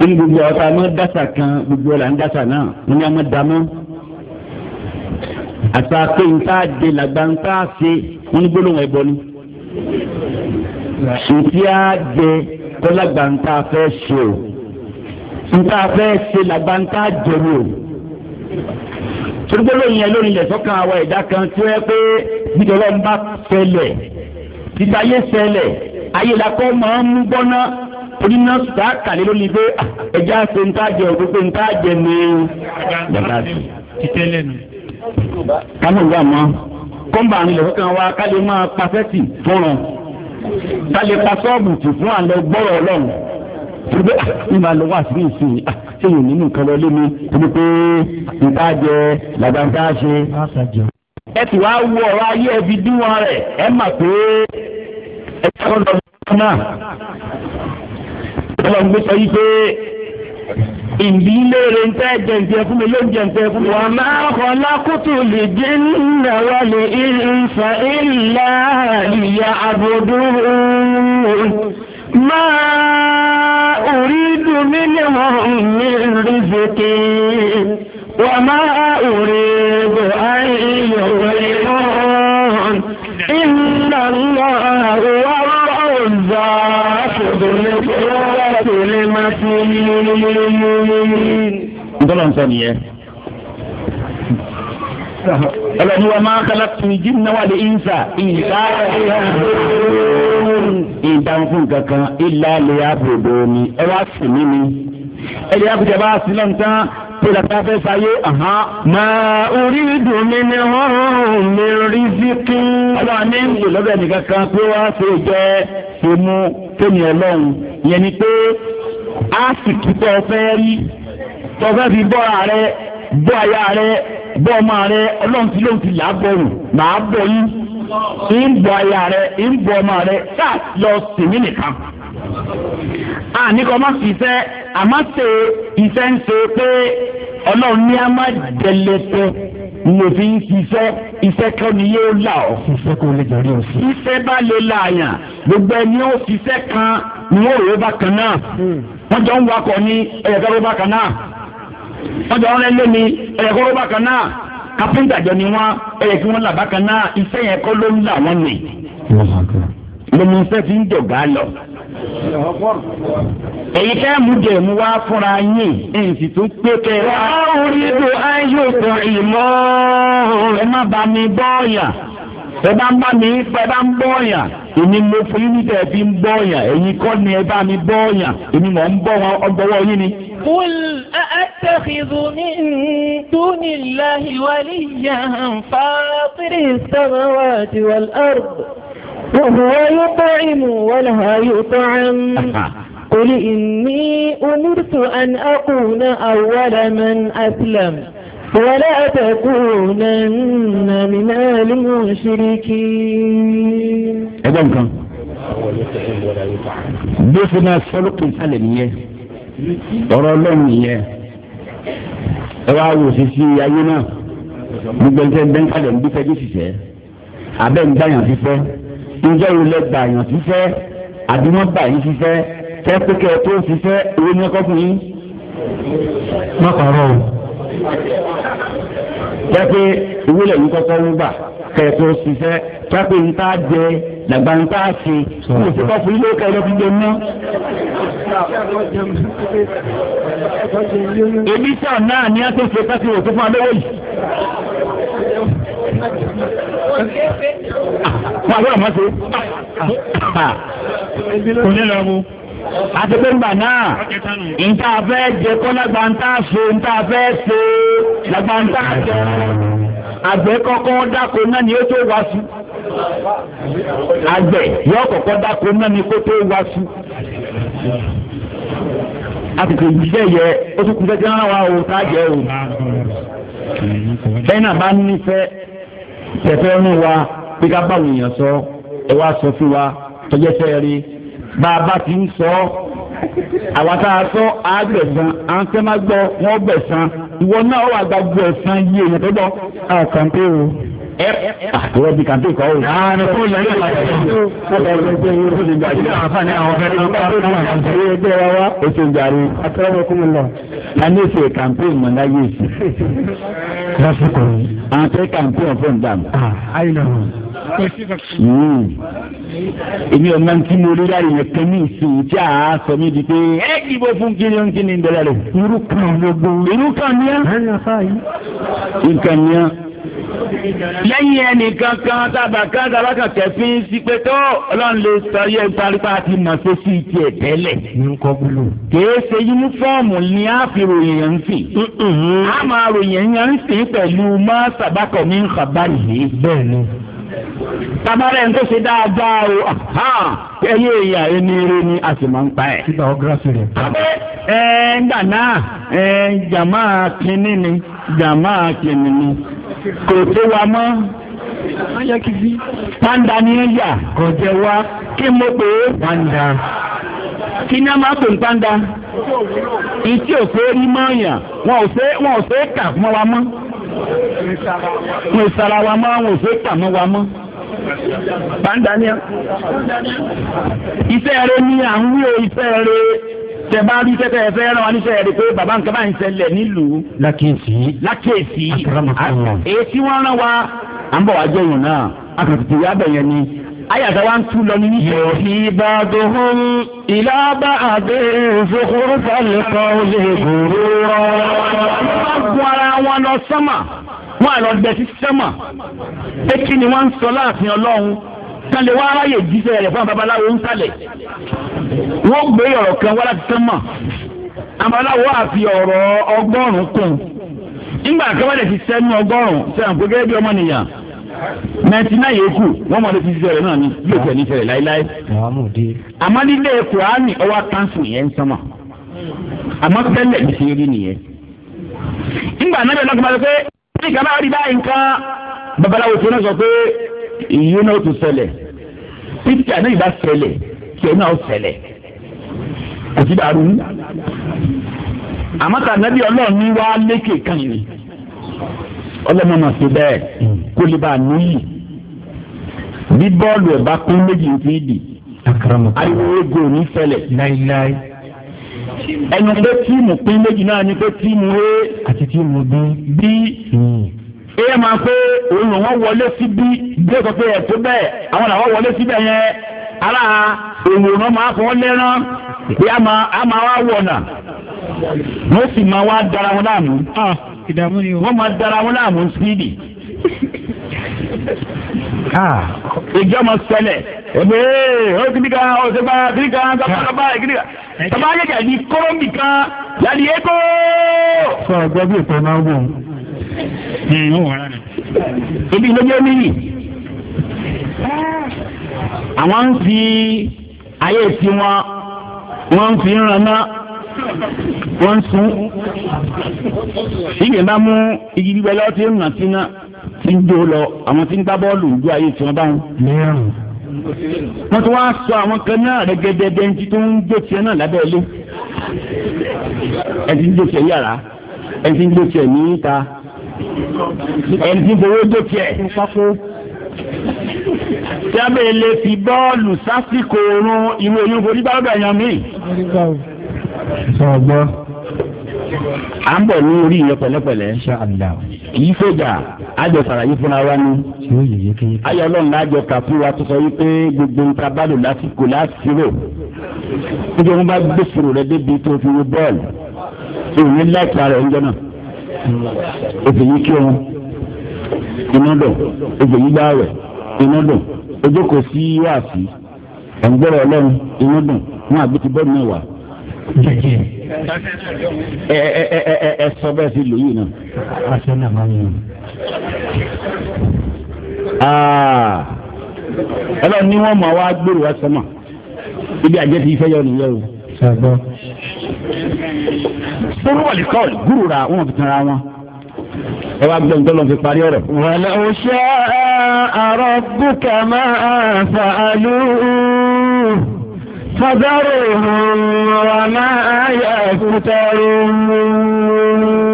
S2: ní gbogbo ọ̀tá mọ́ dàṣà kan gbogbo ọ̀là ń dàṣà náà wọ́n ní a dàmọ́ àti àpé nta de làgbà nta ṣe wọn ní gbólóhùn ẹbọ ni ìtí á jẹ kọlágbà nta fẹ́ ṣe o nta fẹ́ ṣe làgbà nta jẹrù o torí gbólóhùn yẹn lónìí lẹsọkàn àwọn ẹ̀dá kan tí wọn pé bíjọba ń bá fẹlẹ títa ayé fẹlẹ ayé làkọ máa ń mú gbọ́ná oníná sùtà kàlẹ́ lónìí pé ah, ẹja ṣe nta òkú pé nta jẹ ní. títẹ́lẹ̀ nù kálọ̀ ń gbà mọ́ kọ́ńbà ń lọ kàn wá kálẹ̀ máa pa sẹ́tì fúnran kálẹ̀ pa sọ́ọ̀bù tì fún àlọ́ gbọ́rọ̀ ọlọ́run tìrìbẹ ìmọ̀ àlọ́ wà sí ìsìn ah, ṣé yìí nínú nǹkan lọ lé mi torí pé nǹkan jẹ làgbà ń dá ṣe. ẹ ti wá wo ọ̀rọ̀ ayé ẹ fi dín wọn rẹ̀ ẹ mà pé ẹ ti kọ́ lọ náà. ọlọ́run gbé sọ yí pé ìbí léèrè ń tẹ́ jẹ ǹjẹ́ fún mi ló ń jẹ ǹjẹ́ fún mi. wà á máa kọ́ lákùtù lè
S1: dé nínú wa lè ìfà ìlà ìyá àbòdú máa orí dùn mí wọn mi rí zèké wà máa orí bò ayé wọlé wọn ìnáwó àwọn ọ̀zà àfọ̀dọ̀ lè fọwọ́ lè má sí
S2: ntọ́lọ̀ nsọ nìyẹn. Ọlọ́ni wa máa kala tuni jí náwó àlè ìnsà ìnsà ìdánkùn kankan ìlà lè àbòdò mi ẹ wá sí mi ni. Ẹ bá a sílọ̀ ntán ìlà tá a fẹ́ sáyé. Màá orí dùnmí ni wọ́n mi rí sí kí. Ọlọ́run ní ìlú lọ́bẹ̀ nìkan kan pé wá ṣe jẹ́ ìmú tẹ̀mí ọlọ́run. Yẹn ni pé a sì kíkọ́ fẹ́ rí. Tọ́fẹ́ fi bọ́ ààrẹ, bọ́ aya rẹ, bọ́ ọmọ rẹ, ọlọ́run tí lóun ti là á bọ̀rù, màá bọ̀ yín. Ń bọ̀ rẹ, ń ọmọ rẹ, ṣáà lọ sèmí nìkan àní ah, kọ́ má fi iṣẹ́ àmọ́ ṣe iṣẹ́ ń ṣe pé ọlọ́run ní a má jẹlẹtẹ mo fi ń ṣiṣẹ́ iṣẹ́ kọ́ ni yóò là ọ́. iṣẹ́ kò lè jẹ́rí o sí. iṣẹ́ bá lè la àyàn gbogbo ẹni ó ṣiṣẹ́ kan ni ó rò bákan náà hmm. wọ́n jọ ń wakọ̀ ní ẹ̀yẹ̀kọ́ rò bákan náà wọ́n jọ ń rẹ́ lé ní ẹ̀yẹ̀kọ́ rò bákan náà kápẹ́ńtà jọ ni wọ́n ẹ̀yẹ̀kí wọ́n là bákan náà iṣẹ́ yẹn kọ́ ló ń là wọ́n nì lọmọ fẹ́ fi ń dọ̀gá lọ. èyí tẹ́ mú dẹ̀ mú wá fúnra yín èsì tó pé kẹ́. wà á orí ètò ayélujára ìmọ̀ ẹ má bá mi bọ́ọ̀yà ẹ bá ń bá mi ẹ bá ń bọ́ọ̀yà èmi mo fún yín níta ẹ fi ń bọ́ọ̀yà ẹ̀yin kọ́ ni ẹ bá mi bọ́ọ̀yà èmi mọ̀ ń bọ́ wọn ọgbọ́wọ́ yín ni.
S1: قل أأتخذ من دون الله وليا فاطر السماوات والأرض وهو يطعم ولا يطعم قل إني أمرت أن أكون أول من أسلم ولا تكونن من المشركين
S2: ẹgbọ́n kan bí ó fi máa sọ́lọ́kùn sálẹ̀ nìyẹn ọ̀rọ̀ ọlọ́run nìyẹn ẹ wá wò sí sí ayé náà gbogbo ẹni tẹ́ ń bẹ́ńkálẹ̀ ń bí fẹ́ bí sì fẹ́ abẹ́ ń dáyàn fífẹ́ ǹjẹ́ ilẹ̀ gbà yàn ṣiṣẹ́ àbí wọ́n gbà yín ṣiṣẹ́ fẹ́ pé kẹ́ ẹ tó ṣiṣẹ́ owó ní ẹkọ́ fún yín. má pàrọ̀ o. fẹ́ pé owó lẹ́yìn kọ́kọ́ ń gbà kẹ́ ẹ tó ṣiṣẹ́ fẹ́ pé n tá jẹ dàgbà n tá ṣe kò sí kọ́ fún yín lókè lọ́ fi jẹ mọ́. èmi sàn náà ni a tó ṣe kásìrò tó fún alówó yìí
S1: wọn àbúrò mọ́ sí
S2: kò ní lọ mú àti pé ńgbà náà nta fẹ́ jẹ kọ́ lágbà ńta ṣe nta fẹ́ ṣe lágbà ńta jẹ àgbẹ̀ kọ́kọ́ dáko náà ni ó tó wá sí àgbẹ̀ yọ kọ́kọ́ dáko náà ni kó tó wá sí àtìkò ìjíṣẹ́ yẹ ó tún kú sẹ́kẹ́ rárá wa o tá a jẹ o bẹ́ẹ̀ náà bá nífẹ̀ẹ́ tẹ̀fẹ́ rún wa pé ká báwọn èèyàn sọ ẹ wá sọ fún wa tọ́jẹ́ fẹ́ rí bá a bá ti ń sọ ọ́ àwa tá a sọ àgbẹ̀sán à ń fẹ́ má gbọ́ wọ́n gbẹ̀sán ìwọ náà wà gbàgbọ́ ẹ̀sán yí èèyàn tó gbọ́. àkàǹpé o
S1: wọ́n
S2: di kàmpé kọ́ ọ́. àà ní kó lẹ́yìn àyẹ̀wò. kókò ọ̀rọ̀ ṣe ń yọrọ ṣe ń jàre. ilé àǹfààní àwọn fẹ́ẹ́ náà bá wọn kàn sí. ilé ẹgbẹ́ wa wá. ó ṣe ń jàre. àtàwọn ọkùnrin lọ. lánàá èsì kàmpé mọ̀lá yé èsì. lásìkò yìí. àwọn tẹ kàmpé ọ̀fọ̀ ń dàmú. àyìnà. èmi ọ̀nà tí mo rí láyé yẹn kẹ́mi ìsìn tí a sọ mi di pé ẹ dìbò fún kíni ó ń kíni ń bẹ̀rẹ̀ rẹ̀. irú kan ló gbó. irú kan ni lẹ́yìn ẹnìkan kan tábà kan tábà kan kẹfín sí pé tó ọlọ́run lè sọ yẹ nípa àti màṣẹ sí ti ẹ̀ tẹ́lẹ̀. kìí ṣe yunifọ́ọ̀mù ni a fi ròyìn yẹn ń sìn. a máa ròyìn yẹn ń sìn pẹ̀lú má sàbákọ̀ ní nkàbárì yìí. bẹ́ẹ̀ni. tabarẹ̀ ń tó ṣe dáadáa o ẹyẹ ìyá ẹni ni a sì máa ń pa ẹ̀. síta ọgírafì rẹ̀. ẹ ẹ ń gbà náà ẹ jàmáà kínní ni jàmáà kínní ni kò tó wa mọ́ panda ni ẹ yà kò jẹ wa kí mo pè é panda kí ni a máa pè ń panda ìtí ò fẹ́ rí mọ́ọ̀yàn wọn ò fẹ́ wọn ò fẹ́ kà mọ́ wa mọ́ wọn ò sara wa mọ́ wọn ò fẹ́ kà mọ́ wa mọ́ panda ni ẹ. iṣẹ́ rẹ ni à ń wí o iṣẹ́ rẹ tẹ bá rí tẹ́tẹ́ ẹ fẹ́ rán wa níṣẹ́ rẹ̀ pé bàbá nǹkan bá ń ṣẹlẹ̀ nílùú. lákèsí lákèsí èyí tí rán wa à ń bọ̀ wá jẹ́yìn náà a kàn tètè yá bẹ̀ yẹn ni ayàtọ̀ wa ń tú lọ ní níṣẹ́. yòòhì bá dohun ìlà bá àbẹ ìfòkòrò falẹ̀ lè gbòòrò rọ. wọ́n gun ara wọn lọ sọ́mà wọ́n àlọ́ bẹ sí sọ́mà pé kí ni wọ́n ń sọ láàfin ọlọ́run sanni wá ráyè jíṣẹ́ rẹ̀ fún ababaláwo ń sálẹ̀ wọ́n gbé ọ̀rọ̀ kan wá láti tán mọ̀ ababaláwo àfi ọ̀rọ̀ ọgọ́rùn-ún kùn nígbà akẹ́wàlẹ̀ ti sẹ́nu ọgọ́rùn-ún sẹ́wọ̀n pé gẹ́gẹ́ bí ọmọnìyàn ninety nine yòókù wọ́n mọ̀ létí sísẹ̀ rẹ̀ náà ni yóò tẹ̀ ní sẹ̀rẹ̀ láéláé àmọ́ nílé kùránì ọwọ́ kánṣu yẹn ń àmọ́ tẹ́lẹ̀ ní ṣe rí nìyẹn nígbà náà bẹ̀rẹ̀ ìyẹn náà tún ṣẹlẹ̀ títí àná ìbá ṣẹlẹ̀ tiẹ̀ náà ṣẹlẹ̀ kò sí dàrú àmọ́ta nàbí ọlọ́run ní wá lékè kan ni ọlọ́run máa ṣe bẹ́ẹ̀ kó lè bá a níyì bí bọ́ọ̀lù ẹ̀ bá pín méjì ń fi dì ariwo ego ò ní ṣẹlẹ̀ ẹnu pé tíìmù pín méjì náà ni pé tíìmù A àti tíìmù B. Hmm. èyẹ ma pé òun wọn wọlé síbí bí ẹ̀kọ́ pé ẹ̀tọ́ bẹ́ẹ̀ àwọn làwọn wọlé síbẹ̀ yẹn ara òwòrán máa fọ́ lẹ́rán ìyá máa wá wọ̀nà wọ́n sì máa wá dara wọn láàmú ah, wọ́n máa dara wọn láàmú síbì. Ah, ìjọ máa ṣẹlẹ̀ ẹ̀mí ó ti dìgbà ọ̀sẹ̀ gba kìnìkà gbàgbọ́dọ̀gbà ọ tàbá yẹ kẹ́ ní kọ́rọ́mì kan yàrá yẹ
S1: sọ àgbẹ̀ bí ibi
S2: hmm, ló jẹ́ níyì àwọn ń fi ayé tiwọn wọ́n ń fi ń raná wọ́n ń sun ìgbẹ́ bá mú igi gbígbẹ lọ́wọ́ tí ń ràn sí náà tí ń dó lọ àwọn tí ń gbá bọ́ọ̀lù ń gbé ayé tiwọn báwọn. wọ́n ti wá sọ àwọn kan náà rẹ́gẹ́dẹ́ bẹ́ńtì tó ń gbé tiẹ̀ náà lábẹ́ ilé ẹ̀ ti ń gbé tiẹ̀ yàrá ẹ̀ ti ń gbé tiẹ̀ níta
S1: ẹni tí gbowó dókè ẹ̀ tí
S2: a bẹ̀rẹ̀ lè fi bọ́ọ̀lù sásìkò oorun irú oyún forí bá bẹ̀rẹ̀ yan mí. à ń bọ̀ ní orí yẹn pẹ̀lẹ́pẹ̀lẹ́ kì í fẹ́jà àjọ sàràyé fúnra wa ni ayọ̀ ọlọ́run lájọ kàfú wa tó sọ wípé gbogbo nǹkan bá lò lásìkò lásìrò nígbà wọn bá gbèsè rẹ débi tó fi wo bọ́ọ̀lù òun ní láìpẹ́ rẹ̀ ń jọ náà. òfèyí kírun iná dùn òfèyí gbáwẹ̀ iná dùn sí wáàsí ẹ̀ǹgbọ́rọ̀ ọlọ́run iná dùn wọn ti bọ́ọ̀lù ẹ sọ bẹ́ẹ̀ sí lóyún náà. Ah. ibi yọ nìyẹn ṣàgbọ́.
S1: sọ́nù wọ̀lìkọ́ọ̀l
S2: gúrùrà wọn fi tanra wọn. ẹ wá gbọ́ ntọ́lọ́ fi parí ọ̀rọ̀. wàlẹ̀ òṣè àrọ̀ bùkà máa fà á lù ú. فذرهم وما يفترون.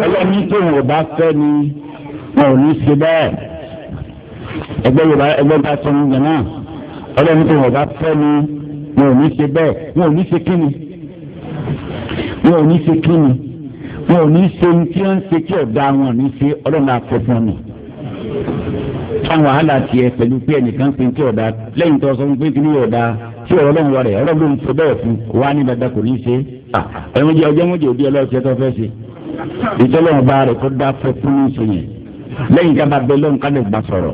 S2: ọlọ́run tó wò bá fẹ́ ni wọn ò ní ṣe bẹ́ẹ̀ ẹgbẹ́ yorùbá ẹgbẹ́ bá sọ ní jẹ náà ọlọ́run tó wò bá fẹ́ ni wọn ò ní ṣe bẹ́ẹ̀ wọn ò ní ṣe kí ni wọn ò ní ṣe kí ni wọn ò ní ṣe ní kí wọn ṣe kí ọ̀dà wọn ò ní ṣe ọlọ́run àpò fún mi. fáwọn wàhálà tiẹ̀ pẹ̀lú pé ẹnìkan ṣe kí ọ̀dà lẹ́yìn tó sọ fún pé kí ni ọ̀dà tí ọ̀rọ̀ lọ́run wọlé ọ̀rọ̀ ló ń sọ bẹ́ẹ̀ fún wa ní dada kò ní ṣe ọ̀yọ́mọdé ọjọ́mọdé òbí ọlọ́ọ̀ṣẹ́ tó fẹ́ ṣe ìtọ́lọ́run bá rẹ̀ kó dá fẹ́ fún ní ṣe yẹn lẹ́yìn ká bá bẹ lọ́run ká lè gbà sọ̀rọ̀.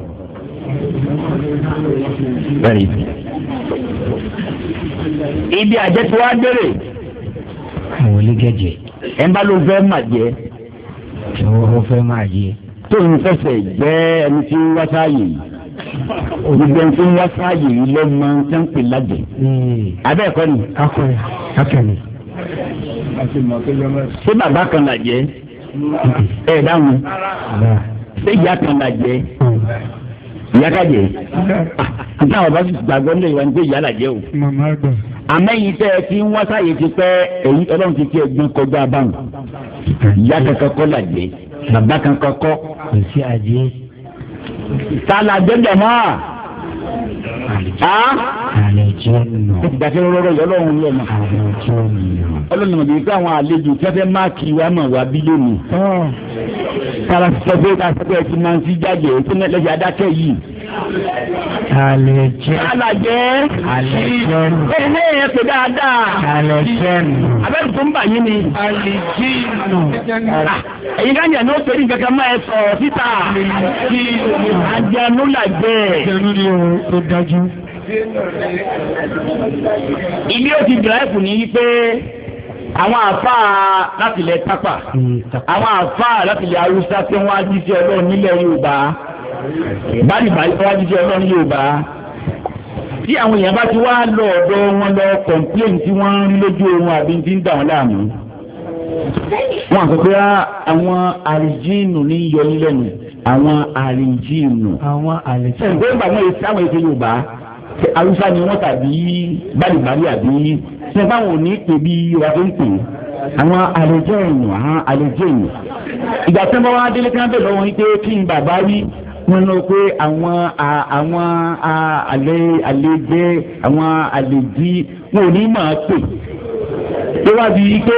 S2: ibi àjẹsíwá dérè
S1: àwọn ilé jẹjẹ. ẹ ń bá ló
S2: fẹ́ mà jẹ́. ó fẹ́ mà jẹ́. tó ń fẹsẹ̀ gbẹ́ ẹni tí ń wá sáàyè yìí gbogbo ẹni tí ń wá sáàyè yìí ló máa ń tẹ́ ń pè lájẹ̀. Hmm. abẹ́ ẹ̀kọ́ ni.
S1: akọni akọni.
S2: ṣé bàbá kan là jẹ́ hmm. ẹ dáhùn ṣé ìyá kan là jẹ́ hmm. ìyá ká jẹ́. Ah, nígbà gbàgbọ́ ní ìwà ni pé ìyá là jẹ́ o. màmá gbọ́ àmẹ́yìn tẹ́ ẹ ti ń wá sáyé ti pẹ́ èyí ọlọ́run ti fi ẹ̀gbọ́n kọjá báwọn ìyá kankan kọ́ làgbé bàbá kankan kọ́.
S1: kò sí àjẹ́.
S2: tá làgbé jẹ̀ ìgbàsẹ̀ rọrọ yọ lọ́run lọ mọ. ọlọ́run mọ̀ bíi pé àwọn àlejò tí wọ́n fẹ́ máàkì wa mọ̀ wá bí lónìí. kára sọ pé ká sọ pé ẹ ti máa ń sí jáde ẹ ti ní ẹlẹ́yà adákẹ́ yìí.
S1: Àlẹ́jẹ́.
S2: Àlàjẹ́. Àlẹ́jẹ́. Ẹ̀hẹ́ ẹ̀ pè dáadáa. Àlẹ́jẹ́. Abẹ́rù tó ń bà yín ni.
S1: Àlẹ́jẹ́.
S2: Ah, ẹ̀yin ká ní àná ó torí nǹkan kan máa ẹ sọ̀rọ̀ síta. Àlẹ́jẹ́. Àjẹnú làjẹ́. Àjẹnú ni o tó dájú. ibi ó ti dìráìfù ní pé àwọn àfáà láti ilẹ̀ hmm, tápà àwọn àfáà láti ilẹ̀ haúsá tí wọ́n á jíṣẹ́ ọlọ́run nílẹ̀ yorùbá báyìí báyìí wọ́n á jíṣẹ́ ọlọ́run yorùbá tí àwọn èèyàn bá ti wá lọ ọ̀dọ̀ wọn lọ kọ̀ǹpléǹ tí wọ́n ń rí lójú oorun àbí ti ń dà wọ́n láàmú
S1: wọn
S2: àti pé ah, àwọn àríjìnù ní yọ yín lẹ́nu àwọn àríjìnù. àwọn àríjìnù. ṣé ìgbẹ́ ìgbà wọn èsì àwọn èsì Yorùbá Haúsá ni wọ́n tàbí bálíbálí àbí ṣé báwọn ò ní pè bí wàá fi ń pè é àwọn àlejò èèyàn àwọn àlejò èèyàn ìgbà tí wọn wá délé tí wọn bẹ lọ́wọ́ yín pé kí n bàbá rí wọn lọ pé àwọn àwọn àlè àwọn àlejì wọn ò ní máa pè é pé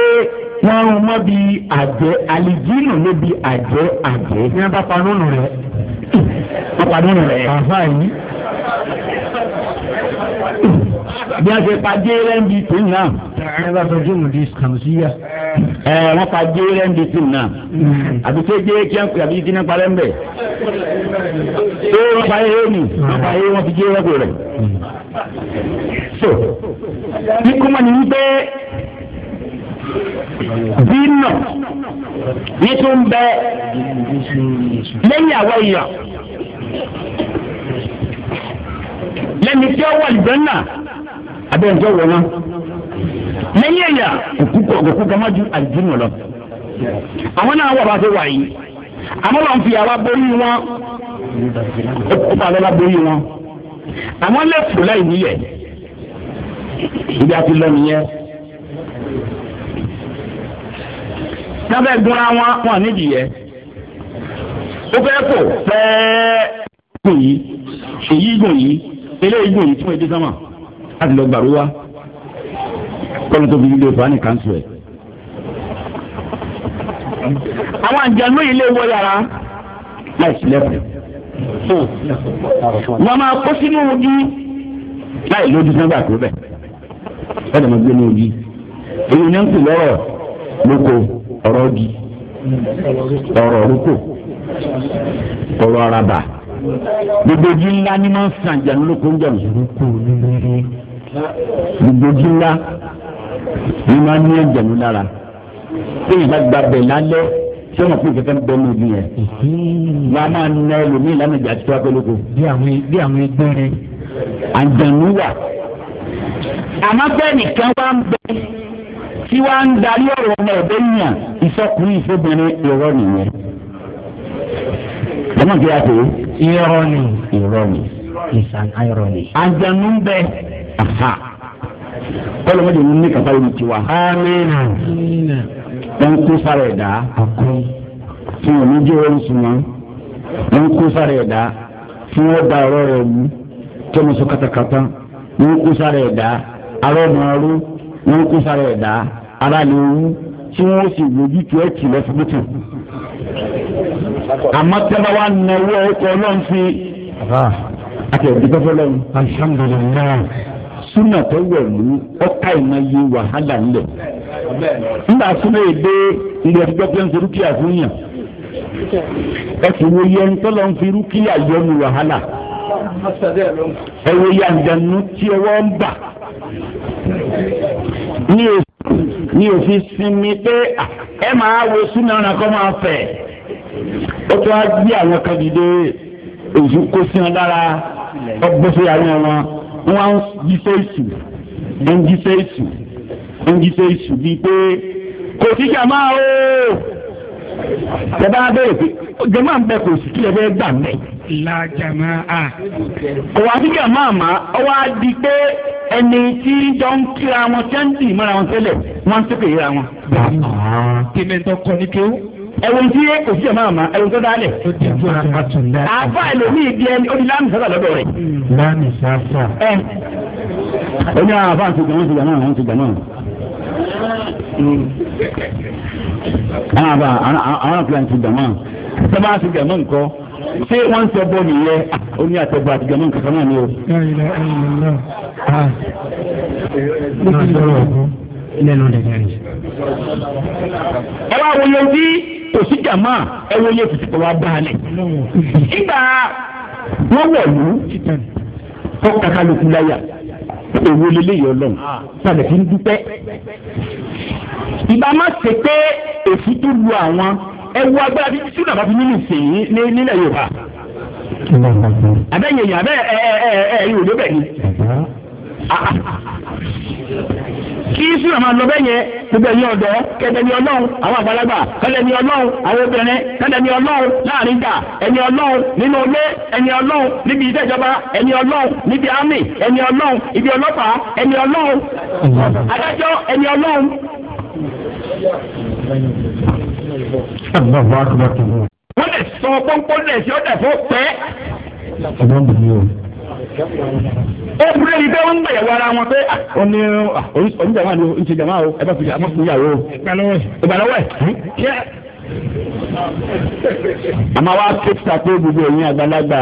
S2: wọ́n rún mọ́ bí àjẹ́ àlìjínù ló bí àjẹ́ àjẹ́. ní wọ́n bá panú nù rẹ̀. wọ́n panú nù rẹ̀. àfa yìí. bí a ṣe pa jérẹ́ǹdì tó ń nà. ẹ bá sọ jíìmù di kàmùsíyà. ẹ wọ́n pa jérẹ́ǹdì tó ń nà. Mm. àbí tó jẹ́ kí wọ́n pè àbí jíná parẹ́ ń bẹ̀. tó wọ́n pa eré nì wọ́n pa eré wọ́n fi jérẹ́ǹdì rẹ̀. Mm.
S1: so ikú mọ̀ ní wípé dínà ní tó ń bẹ
S2: lẹ́yìn àwọn èèyàn lẹ́ni tí ó wà lìgbẹ́nà abẹ́ǹtẹ́ wọ̀ wọn lẹ́yìn èèyàn òkú kọ́mọ́jú àdìdínà lọ àwọn náà wà bá ṣe wà yìí àmọ́ lọ́n fi àwa borí wọn ó pa lọ́la borí wọn àmọ́ lẹ́fù láì níyẹ̀ ibi àti lọ́nìyẹn tí wọ́n fẹ́ gúnra wọn wọn nídìí yẹ ó fẹ́ kó fẹ́ẹ́ gùn yìí èyí gùn yìí eléyìí gùn yìí tí wọ́n dé sánmà láti lọ gbàrú wa kọ́ni tó fi ilé ìfọ̀ á ní kánṣu ẹ̀. àwọn àjànú yìí lè wọ yàrá láì sílẹ̀kùn wọ́n máa kó sínú ojú láì lójú sọ́gbà tó bẹ̀ ẹ̀ dàgbà gbé ní ojú èyí ni ń kù lọ́rọ̀ lóko ọ̀rọ̀ gi ọ̀rọ̀ rúkò ọ̀rọ̀ araba gbogbo ojú ńlá ni máa ń sàn jẹun lóko ń jẹun
S1: gbogbo ojú ńlá ni
S2: máa ń ní ẹ̀jẹ̀nu lára tí ìgbà gbàgbẹ́ lálẹ́ tí wọn pín kẹkẹ bẹ lóbi yẹn wọn a máa nà ẹlòmíì lánàá ìjà tó akólógo. bí àwọn e-, bí àwọn ẹgbẹ́ rẹ. àjànú wà àmọ́ bẹ́ẹ̀ nìkan wá ń bẹ tí wàá ń darí ọ̀rọ̀ ọmọ ẹ̀dẹ́ yàn ìsọkùnrin ìfobìnrin irọ́ nìyẹn. ọmọ ìgbéra pé. irọ́ ni. irọ́ ni. it's an irony. àjànú ń bẹ. kọ́lọ́mọdé ní kàfá yìí ti wá. amina. wọ́n kó sára ẹ̀dá. fún òní jẹ́ wọn sùn wọn. wọ́n kó sára ẹ̀dá. fún wọn da ọ̀rọ̀ rẹ̀ mú. tọ́mọ̀sọ katakata. wọ́n kó sára ẹ̀dá. arọ́ màálù. wọ́n kó sára ẹ̀dá. ara lè wú tí wọ́n sì wòjú tó ẹ̀kì lọ́sibítù. àmọ́ tẹ́lá wa nà owó ọkọ̀ ọlọ́run fi. akẹ́kọ̀ọ́ dípẹ́ fọlọ́run. alhamdulilayi. súnà tó wẹ̀ mú ọ̀ka ìmọ̀ yé wàhálà ńlẹ̀. nígbà súnà èdè ilé ẹ̀dúgbọ́ ń rúkìá fún yàn. ń fi rúkìá yọnu wàhálà. tí ọwọ́ ń bà ní mi ò fi sinmi pé ẹ máa wo súnà ọ̀nà kọ́ máa fẹ̀ ó tún á gbé àwọn kan dìde èyí kó sí wọn lára
S1: ọgbọ́sọ àwọn
S2: wọn wọn ń jíṣẹ́ ìsù ń jíṣẹ́ ìsù ń jíṣẹ́ ìsù bíi pé kò sí jàmáà o. Tẹ̀bá bẹ̀rẹ̀ pé jẹ̀má ń kò sí kí ẹ fẹ́ gbà mẹ́. La jàmá a. Òwò àfikà máa ma ọwọ́ á di pé ẹni tí jọ ń kíra wọn tí wọ́n ń dì mọ́ra wọn tẹ́lẹ̀ wọ́n ń sókè yíra wọn. Tèmẹ́ntọ́ kọ́ ní kéwú ẹwọn tí yẹ kò sí ẹ máa ma ẹwọn tó dálẹ. àfa ẹlòmíì di ẹni ó di láàmì lọ́dọ̀ rẹ̀.
S1: láàmì sáfà.
S2: ẹ ẹ ní àwọn àfa ti gbà náà ti gbà náà.
S1: Hmm.
S2: àwọn àwọn àpilẹ̀ ti dàmọ́ sábà ti dàmọ́ nǹkan ṣé wọ́n ń sọ bọ́ nìyẹn ó ní àtẹ̀gbọ́ àti dàmọ́ nǹkan kan náà ni o. ẹ wá wo yẹn tí kò sí jàmá ẹ wo yẹn fìtìpọ̀ wá bá a lẹ̀. nígbà wọ́n wọ̀lú tó kàkálùkù láyà owó lélẹ́yìí ọlọ́run tàbí fi ń dúpẹ́. ìbá má ṣe pé èsì tó lu àwọn ẹwu agbára tí tí nàbà fi nínú ìsìn yìí nílẹ̀ Yorùbá. abẹ́yẹ̀yẹ̀ abẹ́ ẹ̀ ẹ̀ ẹ̀ yóò débẹ̀ ni kí sùn àmà lọ bẹ́ẹ̀ yẹn gbogbo ẹ̀yin ọ̀dọ́ kẹ́tẹ́ ni ọlọ́run àwọn àgbàlagbà kẹ́tẹ́ ni ọlọ́run àwọn obìnrin kẹ́tẹ́ ni ọlọ́run láàrin ìjà ẹni ọlọ́run nínú ilé ẹni ọlọ́run níbi iṣẹ́ ìjọba ẹni ọlọ́run níbi ámì ẹni ọlọ́run ibi ọlọ́pàá ẹni ọlọ́run adájọ́ ẹni ọlọ́run. wọ́n lè sọ pọ́npọ́n lẹ̀ sí ọ̀dẹ̀ fún pẹ́ ebúrẹ́ yìí bẹ́ẹ̀ ń gbẹ̀yẹ̀wò ara wọn pé. Ah, ó ní oníjàmá ah, ni ń ṣe jàmá o ẹ bá fi àmọ́ fún ìyàwó. ìgbàlọ́wọ́ ẹ̀. àmọ́ wa hmm? ké ta pé gbogbo ẹ̀yin àgbàlagbà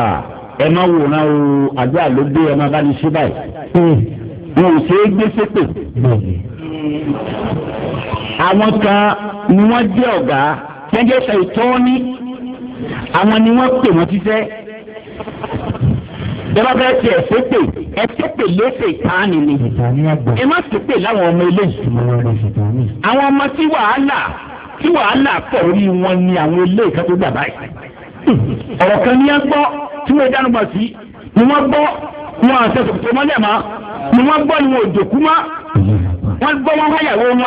S2: ẹ má wòran o àdúrà ló gbé ẹ má bá ní ṣe báyìí. wọn hmm. ò ṣe é gbé sépè. àwọn kan ni wọ́n jẹ́ ọ̀gá jẹ́jẹ́ sọ àwọn ni wọ́n pè wọ́n ti fẹ́ bẹ́ẹ̀ bá ti ẹ̀sẹ̀ pè ẹ̀sẹ̀ pè lẹ́sẹ̀ ìtaani ni ẹ má sì pè láwọn ọmọ eléyìí. àwọn ọmọ tí wàhálà tí wàhálà pọ̀ orí wọn ni àwọn eléyìí kan tó gbà báyìí. ọ̀rọ̀ kan ní ẹ gbọ́ tí wọ́n dánu bọ̀ sí ni wọ́n gbọ́ wọn àṣẹ tòkòtò mọ́lẹ̀ mọ́ ni wọ́n gbọ́ ni wọn ò dòkú mọ́ wọ́n gbọ́ wọn háyàwó wọn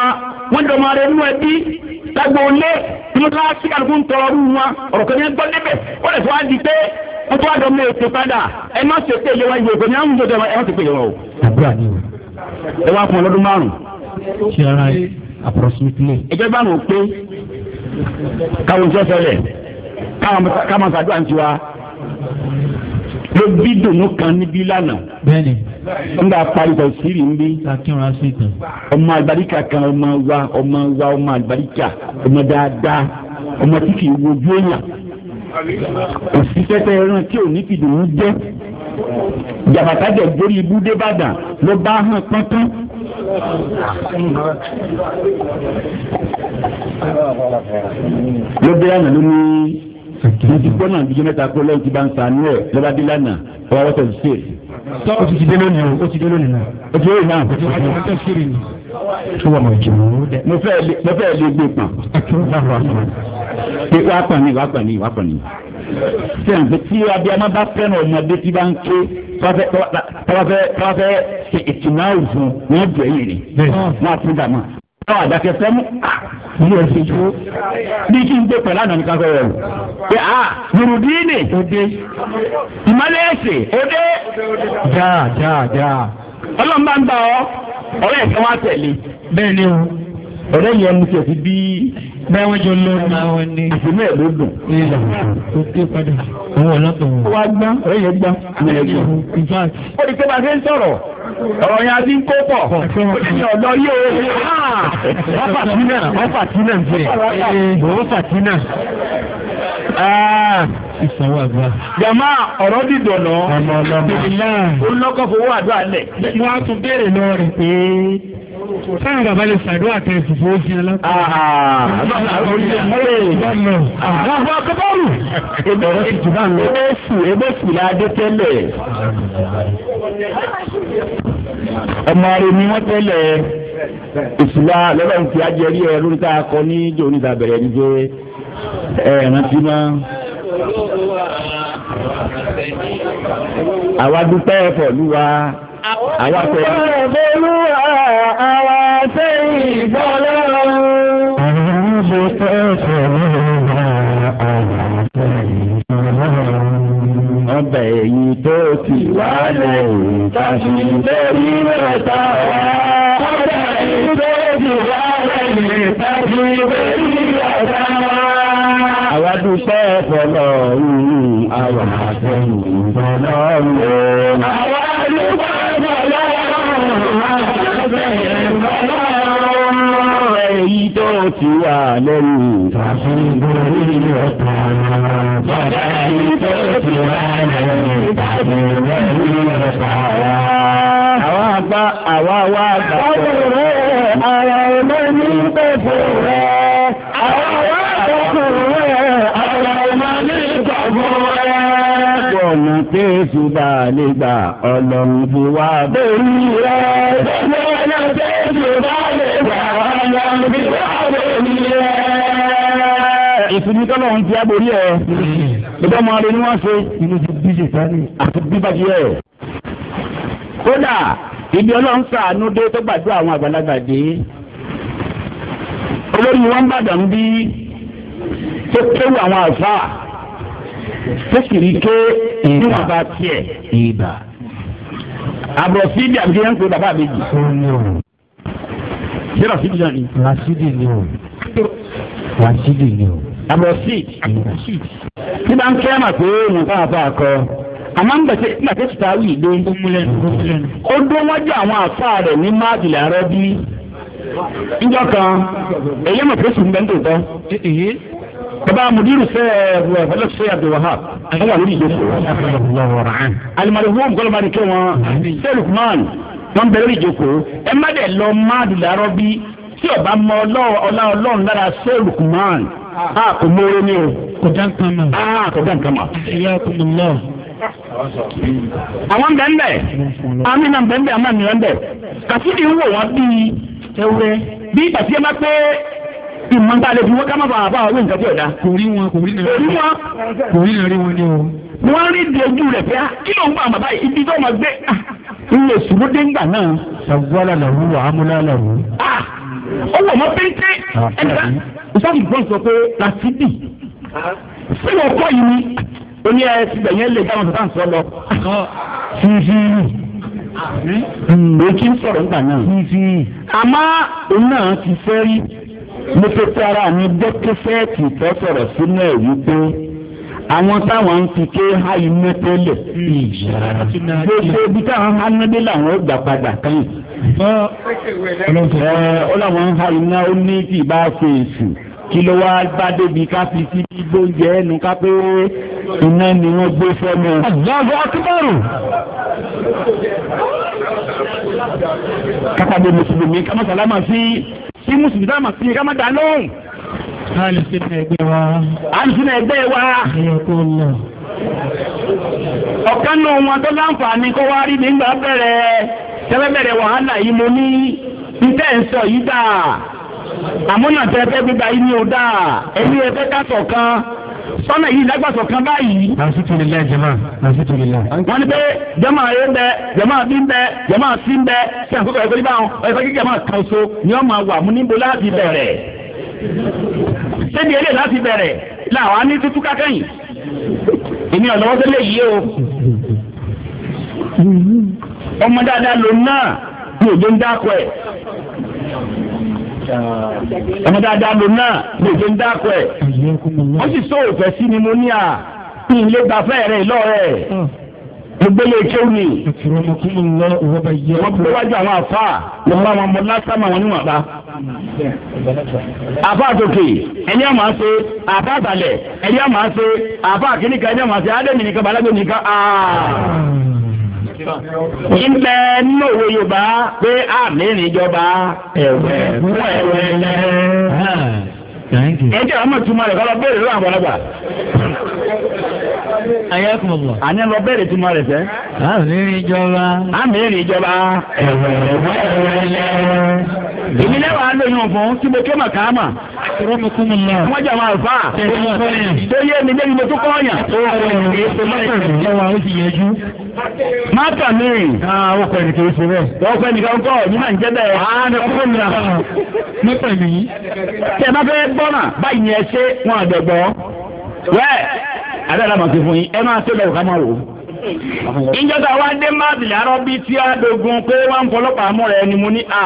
S2: wọ́n dọ̀ máa rẹ nínú ẹbí lágbo ilé tí wọ́n ká sí àlùkò ń tọrọ ọdún wọn ọ̀rọ̀ kan ní ẹ gbọ́ lẹ́bẹ̀ wọ́n lè fọwọ́ di pé ó tó wá dọ̀ mí ètò padà ẹ má ṣe pé ìyẹwà ìyẹwò àwọn ìjọba ẹ má ṣe pé ni o. ẹ wá ọ lọ́dún márùn.
S1: ṣé ara ẹ
S2: bá wọn pé káwọn káwọn sàdúrà ń tiwa ló bí dùnú kan níbí lánàá. bẹ́ẹ̀ni. sírì ń bí. ọmọ kan ọmọ wa ọmọ wa ọmọ ọmọ dáadáa ọmọ tí kì í wojú èèyàn.
S1: òṣìṣẹ́tẹ̀
S2: ẹran tí ò ní fìdíhùn jẹ́ jàbàtàjẹ̀ gbórí ibú débàdàn ló bá hàn pọ́ntán. ló bẹ́ẹ̀ àná ló ní mo ti gbọ́ náà jíjẹ́ mẹ́ta pé lẹ́yìn tí bá ń sanú ẹ̀ lọ́ba dé lánàá ọwọ́ wọ́tọ̀ sí ṣe. sọ o ti ti dé lónìí o o ti dé lónìí náà. o ti lónìí náà. o ti wájú wọ́tọ̀ sí rè ni. tó wà mọ̀ ìjìnlẹ̀ o dẹ. mo fẹ́ lè pé wá pọ̀ ní wá pọ̀ ní wá pọ̀ ní. sẹ́yìn pé tí abiyamọ bá fẹ́ràn ọmọdé tí bá ń ké tọ́wọ́fẹ́ ìtìmọ̀ òfin wọ́n jẹ́ yìí ni wọ́n á tún dàmú. báwa àdàkẹ́ fẹ́ mú bí ẹ ṣe tó bí kí n gbé pẹ̀lú àná ní káfẹ́ rẹ̀ o. pé a nùrùdíìnì òde ìmọ̀lẹ́ ẹ̀sìn òde. dáa dáa dáa. ọlọ́run ń bá ọ ọ̀rẹ́ ẹ̀sán ọ̀rẹ́ yẹn mú tiẹ̀ sí bí. bẹ́ẹ̀ wọ́n jọ lórí máa wọn ní. ìsinmi ẹ̀ ló dùn. o ké padà. àwọn ọlọ́tọ̀ wọn. wọ́n á gbá ọ̀rẹ́ yẹn gbá. ó di pé bá a ṣe ń sọ̀rọ̀ ọ̀rọ̀ yẹn a ti ń kó pọ̀. ní ọ̀dọ́ yóò. wọ́n fàtínà wọ́n fàtínà ah. ìsanwó àgbà. jama ọ̀rọ̀ di dọ̀nà. ọmọ ọlọ́mọ. olùlọ́kọ̀ fowó àdúrà lẹ̀. wọ́n á tún béèrè lọ́ọ̀rì
S1: sáyẹn bàbá lè ṣàdúrà tẹ ìfòfò òfin alákòó. àwọn akẹ́kọ̀ọ́rù ebe sù ebe sù
S2: la dé tẹ́lẹ̀ ọmọ rẹ̀ ni wọ́n tẹ́lẹ̀ ìsìlá lọ́lọ́run ti ajẹ́rí ẹ lórí tá a kọ ní ìjọ oníta bẹ̀rẹ̀ ní pé ẹ rántí máa àwa dúpẹ́ pọ̀lú wa àwa fẹ́. àbẹ̀lú àwa sẹ́yìn ìbọ̀lá.
S1: àwọn ọmọ tẹ́ àwọn sẹ́yìn ìbọ̀lá. ọbẹ̀ yìí tó ti wá lẹ́yìn tàbí lórí mẹ́ta wá. ọbẹ̀ yìí tó ti wá lẹ́yìn tàbí lórí mẹ́ta wá. Àwa dúpẹ́ fọlọ́run, àwa àtẹ̀yìn fọlọ́run. Àwa èyí tó ti wà lẹ́nu. Tàbíborí ọ̀tá náà. Bọ̀dá èyí tó ti wà lẹ́nu. Tàbíborí ọ̀tá náà. Àwọn àgbà àwa wá gbà. Báwo rẹ̀ ara ẹ̀mọ́ ní pẹ̀fọ́ rẹ̀?
S2: jésù bá a lè gbà ọlọ́run fi wá borí rẹ̀. bẹ́ẹ̀ni ọ̀nà jésù bá a lè gbà ọlọ́run fi wá borí rẹ̀. ìsinmi tọ́lọ̀ ń ti aborí ẹ̀ lọ́dọ̀ máa ronú wá ṣe inú ti bí ṣètánì àti bíbájú ẹ̀. kódà ibi ọlọ́run ṣàánú dé tó gbàdúrà àwọn àgbàlagbà dé olórí wọn bàdàn bí tó kéwù àwọn àfáà sékìríkè ìbá tiẹ̀ ìbá àbùrọ̀sídì àbíké yẹn ń pè bàbá mi jì. ṣé rasidi náà ni. rasidi ni o rasidi ni o. àbùrọ̀sídì tí bá ń kẹ́ mà pé èèyàn fáwọn fáwọn kọ àmọ́ ń gbèsè nígbà tó ta awì ló ń múlẹ̀ ó dó wájú àwọn àfa rẹ̀ ní máàdìlẹ̀ àrẹ́bí. níjọ́ kan èyí mọ̀ pé sùn bẹ́ẹ̀ ń tò tán baba mudiru sẹ fẹlẹ eh, sẹ abdulwahab an wà lórí ìjókòó alimarihum kọlọmọdé kẹ wọn sẹ lukman wọn bẹ lórí ìjókòó ẹ má dẹ lọ máàdù làárọ bí tí ọba mọ ọlá Ọlọ́run lára sẹ lukman a kò mọwé ni o. kò dá nǹkan mọ. a kò dá nǹkan mọ. ìyá kò àwọn bẹ́ẹ̀ amina bẹ́ẹ̀ amina bẹ́ẹ̀ kàtí ni wọ́n wá bí ewúrẹ́ bí ìgbà tí pé ìmọ̀ nípa lè fi wọ́n ká má bàa bá àwọn nǹkan tí ọ̀dà. kò rí wọn kò rí nàrí wọn kò rí nàrí wọn ni o. wọ́n rí dojú rẹ̀
S1: pé ah, kí ló ń bá bàbá yìí ibi tó máa gbé ah,
S2: ilé sùúrù déńgbà náà. sàgbọ́lá làwù àmúlá làwù.
S1: Ah, ó wọ̀ mọ́ péńté ẹ̀ka
S2: ìsáàbì gbọ́n sọ pé làtìbì sí ọkọ yìí ni ó ní ẹ síbẹ̀ yẹn lè dáhùn sọ́tà ń sọ lọ. fífi èyí hmm. kí n sọ̀rọ̀ nígbà náà. àmọ́ òun náà ti fẹ́ rí mo tó tara mi gbọ́ kẹsẹ́ẹ̀tì tó sọ̀rọ̀ sínú ẹ̀ wípé àwọn táwọn ń fi ké ha iná tẹ́lẹ̀ gbogbo ibi táwọn ha iná dé làwọn ó gbà padà kẹ́yìn.
S1: ó
S2: làwọn ha iná ó ní tí ì bá ṣe èsù kí ló wá bá débi ká fi sí gbóúnjẹ ẹnu ká pé iná ni wọ́n gbé fẹ́mi. àgbàdo akíbọ̀rù. kápá dé mùsùlùmí kámọ́sálámà sí. sí mùsùlùmí sáà mà sí ká má dá lóhùn. alùsùn ẹgbẹ́ wa. lọ. ọ̀kan nù wọn tó láǹfààní kó wá rí nígbà bẹ̀rẹ̀ tẹ́lẹ̀ wàhálà yìí mo ní ntẹ́ ń sọ sọ́nà yìí lágbàsọ̀ kan báyìí. làásìtòlélá jama làásìtòlélá. wọ́n ní pé jama yé bẹ jama bí bẹ jama sí bẹ ṣé àkókò ẹ̀kọ́ yìí báwọn ẹ̀kọ́ kí jama kan so ni wọ́n máa wà mú níbo láti bẹ̀rẹ̀. sébi eré láti bẹ̀rẹ̀ làwọn á ní tútú kákẹ́yìn. èmi ọ̀lọ́wọ́ sẹ́lẹ̀ yìí o. ọmọ dáadáa lòun náà ní òjò ń dákọ̀ ẹ̀. Ah. ọmọ dáadáa lòun náà lè ṣe ń dáko ẹ̀ wọ́n sì sọ òfẹ́ sí ni mo ní à kí n lè rẹ̀ lọ́rẹ̀ gbẹlẹ e kéwù ni wọ́n pẹ́ wájú àwọn àfa lọ́wọ́ àwọn ọmọ lásán àwọn onímọ̀ bá àbá àtòkè ẹni àmà ṣe àbá àtàlẹ̀ ẹni àmà ṣe àbá àkíníkà ẹni àmà ṣe àdẹ́mì nìkan balẹ̀ nìkan aa.
S1: ilẹ̀
S2: nínú òwe yorùbá pé àmì ìrìnjọba ẹ̀wẹ̀ wẹ̀wẹ̀ lẹ́. ẹjẹ àwọn ìtumọ̀ rẹ̀ kọ́lọ́ bẹ́ẹ̀rẹ̀ lọ́wọ́ àgbàlagbà. ayakumọ̀lọ̀. àní lọ bẹ́ẹ̀rẹ̀ ìtumọ̀ rẹ̀ fẹ́. àmì ìrìnjọba. àmì ìrìnjọba ẹ̀wẹ̀ wẹ̀wẹ̀ lẹ́. èmi lẹ́wọ̀n á lóyún fún tí mo ké màkàmà. wọ́n jà máa fà á. tó yé mi débi mo tún kọ́ ọ̀yàn. má kà mí. àwọn ọkọ ẹnì kìí ṣe bẹ́ẹ̀. wọ́n kọ ẹnìkan kọ́ ní màá ń jẹ́ bẹ́ẹ̀. àánú kúrò mi náà. ní pẹ̀lú yìí. tẹ̀ bá fẹ́ gbọ́nà báyìí ni ẹ ṣe wọn àgbẹ̀gbọ́. wẹ́ẹ̀ adala ma ti fún yín ẹ máa tó lẹ́wọ̀ ká máa wò. ìjọba wa dé má bìlẹ̀ arọ́bí tí a dogun pé wọ́n ń fọlọ́pàá mọ́ra ẹni mo ní à.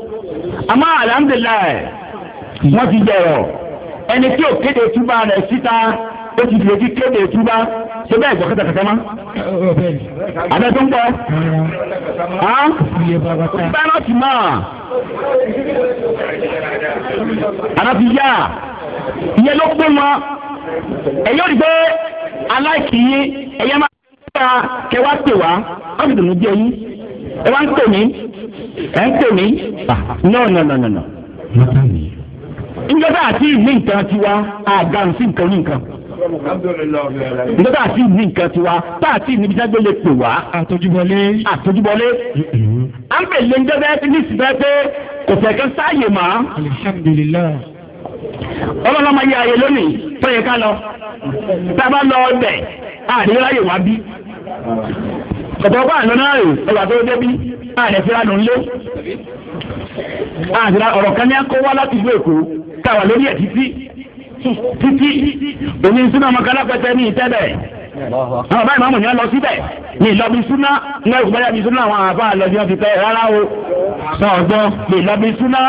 S2: àmọ́ alhamdulilayi wọ́n ti jẹ̀rọ̀ ẹni tí ò kéde túbà rẹ̀ síta ó ti fi kéde túbà ṣe bẹ́ẹ̀ gbọ́ kẹtàkẹtà má. abẹ tó ń bọ̀. bẹ́ẹ̀ ti mọ̀ àná ti yá ìyẹn ló gbé wọn ẹ̀yọ́ rí pé aláìkìyí ẹ̀yẹ́ máa ń gbà kẹwàá pè wá wọ́n ti dùn ún jẹ́ yín ẹ wá ń tò mí ẹ̀ ń pè mí ah, no no no no no. njọba àti ìní nǹkan tiwa àgàn sí nǹkan ní nǹkan. njọba àti ìní nǹkan tiwa tá àti ìní bíjá gbélé pè wá. àtọ́júbọlé. àtọ́júbọlé. à mm-hmm. ń bèèrè njọba ẹni ní ìsìnkú ẹ pé kò fẹ́ kẹ́ sáàyè mọ́. alihamdulilayi ọlọ́lọ́mọ yẹ ayé lónìí tó yẹ ká lọ tá lọ ọbẹ̀ àdéhùn ayé wá bí ọ̀pọ̀ bá àná náà rè ọgbà tó débí láàrin ẹ̀fíra nù ńlé àti ọ̀rọ̀ kan ní akó wá láti ìlú èkó káwà lórí ẹ̀ títí títí òní súná ọmọ kan lápẹtẹ ní ìtẹ́bẹ̀ àwọn báyìí máa mọ̀ ní wọn lọ síbẹ̀ ní ìlọbi súná ní ọkùnrin báyà bí súná àwọn àbá àlọ́bí wọn fi tẹ rárá o sọ ọgbọ́n lè lọbi súná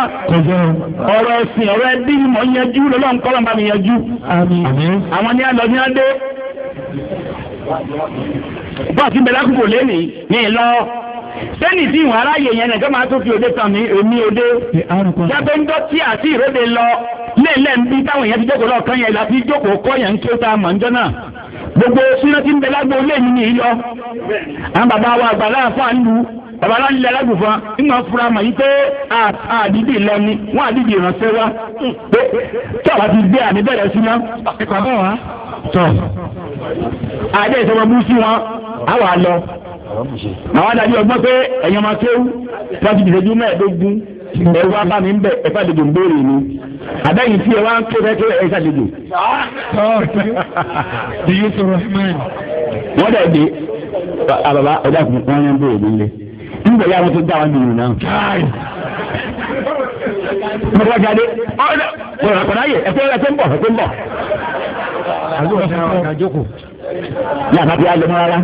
S2: ọ̀rọ̀ ẹ̀sìn ọ̀rọ̀ ẹbí mọ̀ ń lọ́lọ́nkọ́lọ́
S1: bọ́ọ̀sì
S2: ń bẹ lákòókò lẹ́nu ní ìlọ sẹ́ni tí ìwọ̀n aráyè yẹn nìkan máa tó fi òde tàn mí èmi òde jábẹ́ ń dọ́tí àti ìròde lọ lẹ́ẹ̀lẹ́ ń bí táwọn èèyàn ti jókòó lọ́ọ̀kan yẹn láti jókòó kọ́ yẹn ń kí ó tá a mọ̀ níjọ́ náà gbogbo síná tí ń bẹ lágbo lẹ́ẹ̀mí ní ìlọ àwọn bàbá wa àgbà láàfáà ń lu bàbá láti lẹ alágùnfà ńgbà fura mà yí pé àdìdì lọ ni wọn àdìdì ìrànṣẹ́ wa pé tí àwa ti gbé àmì bẹ̀rẹ̀ sí náà tọ́ adé ìsọmọ bú sí wọn àwa lọ àwọn adájọ́ ọgbọ́n pé ẹ̀yin ọmọ kéwú wọ́n ti dìdejú mẹ́ẹ̀ẹ́dógún ẹ wá bá mi ń bẹ ẹ bá dèjò ń béèrè mi àbẹ́yìn tí ẹ wá ń ké fẹ́kẹ́ ẹ ṣàdèjò. di yusuf rahman. wọ́n dẹ̀ dé àbàbà ọjà kún wọn yẹn ń béèrè mi lé nígbà yà wọn tó dá wọn nìyẹn náà.
S1: mo kọ́ jáde ọ̀dọ̀ kọ̀ọ̀dọ̀ kọ̀ọ̀dọ̀ ayé ẹ̀fẹ́ ẹ̀fẹ́ ń bọ̀ ẹ̀fẹ́ ń bọ̀. yàtọ̀ fi alẹ́ mọ́ rárá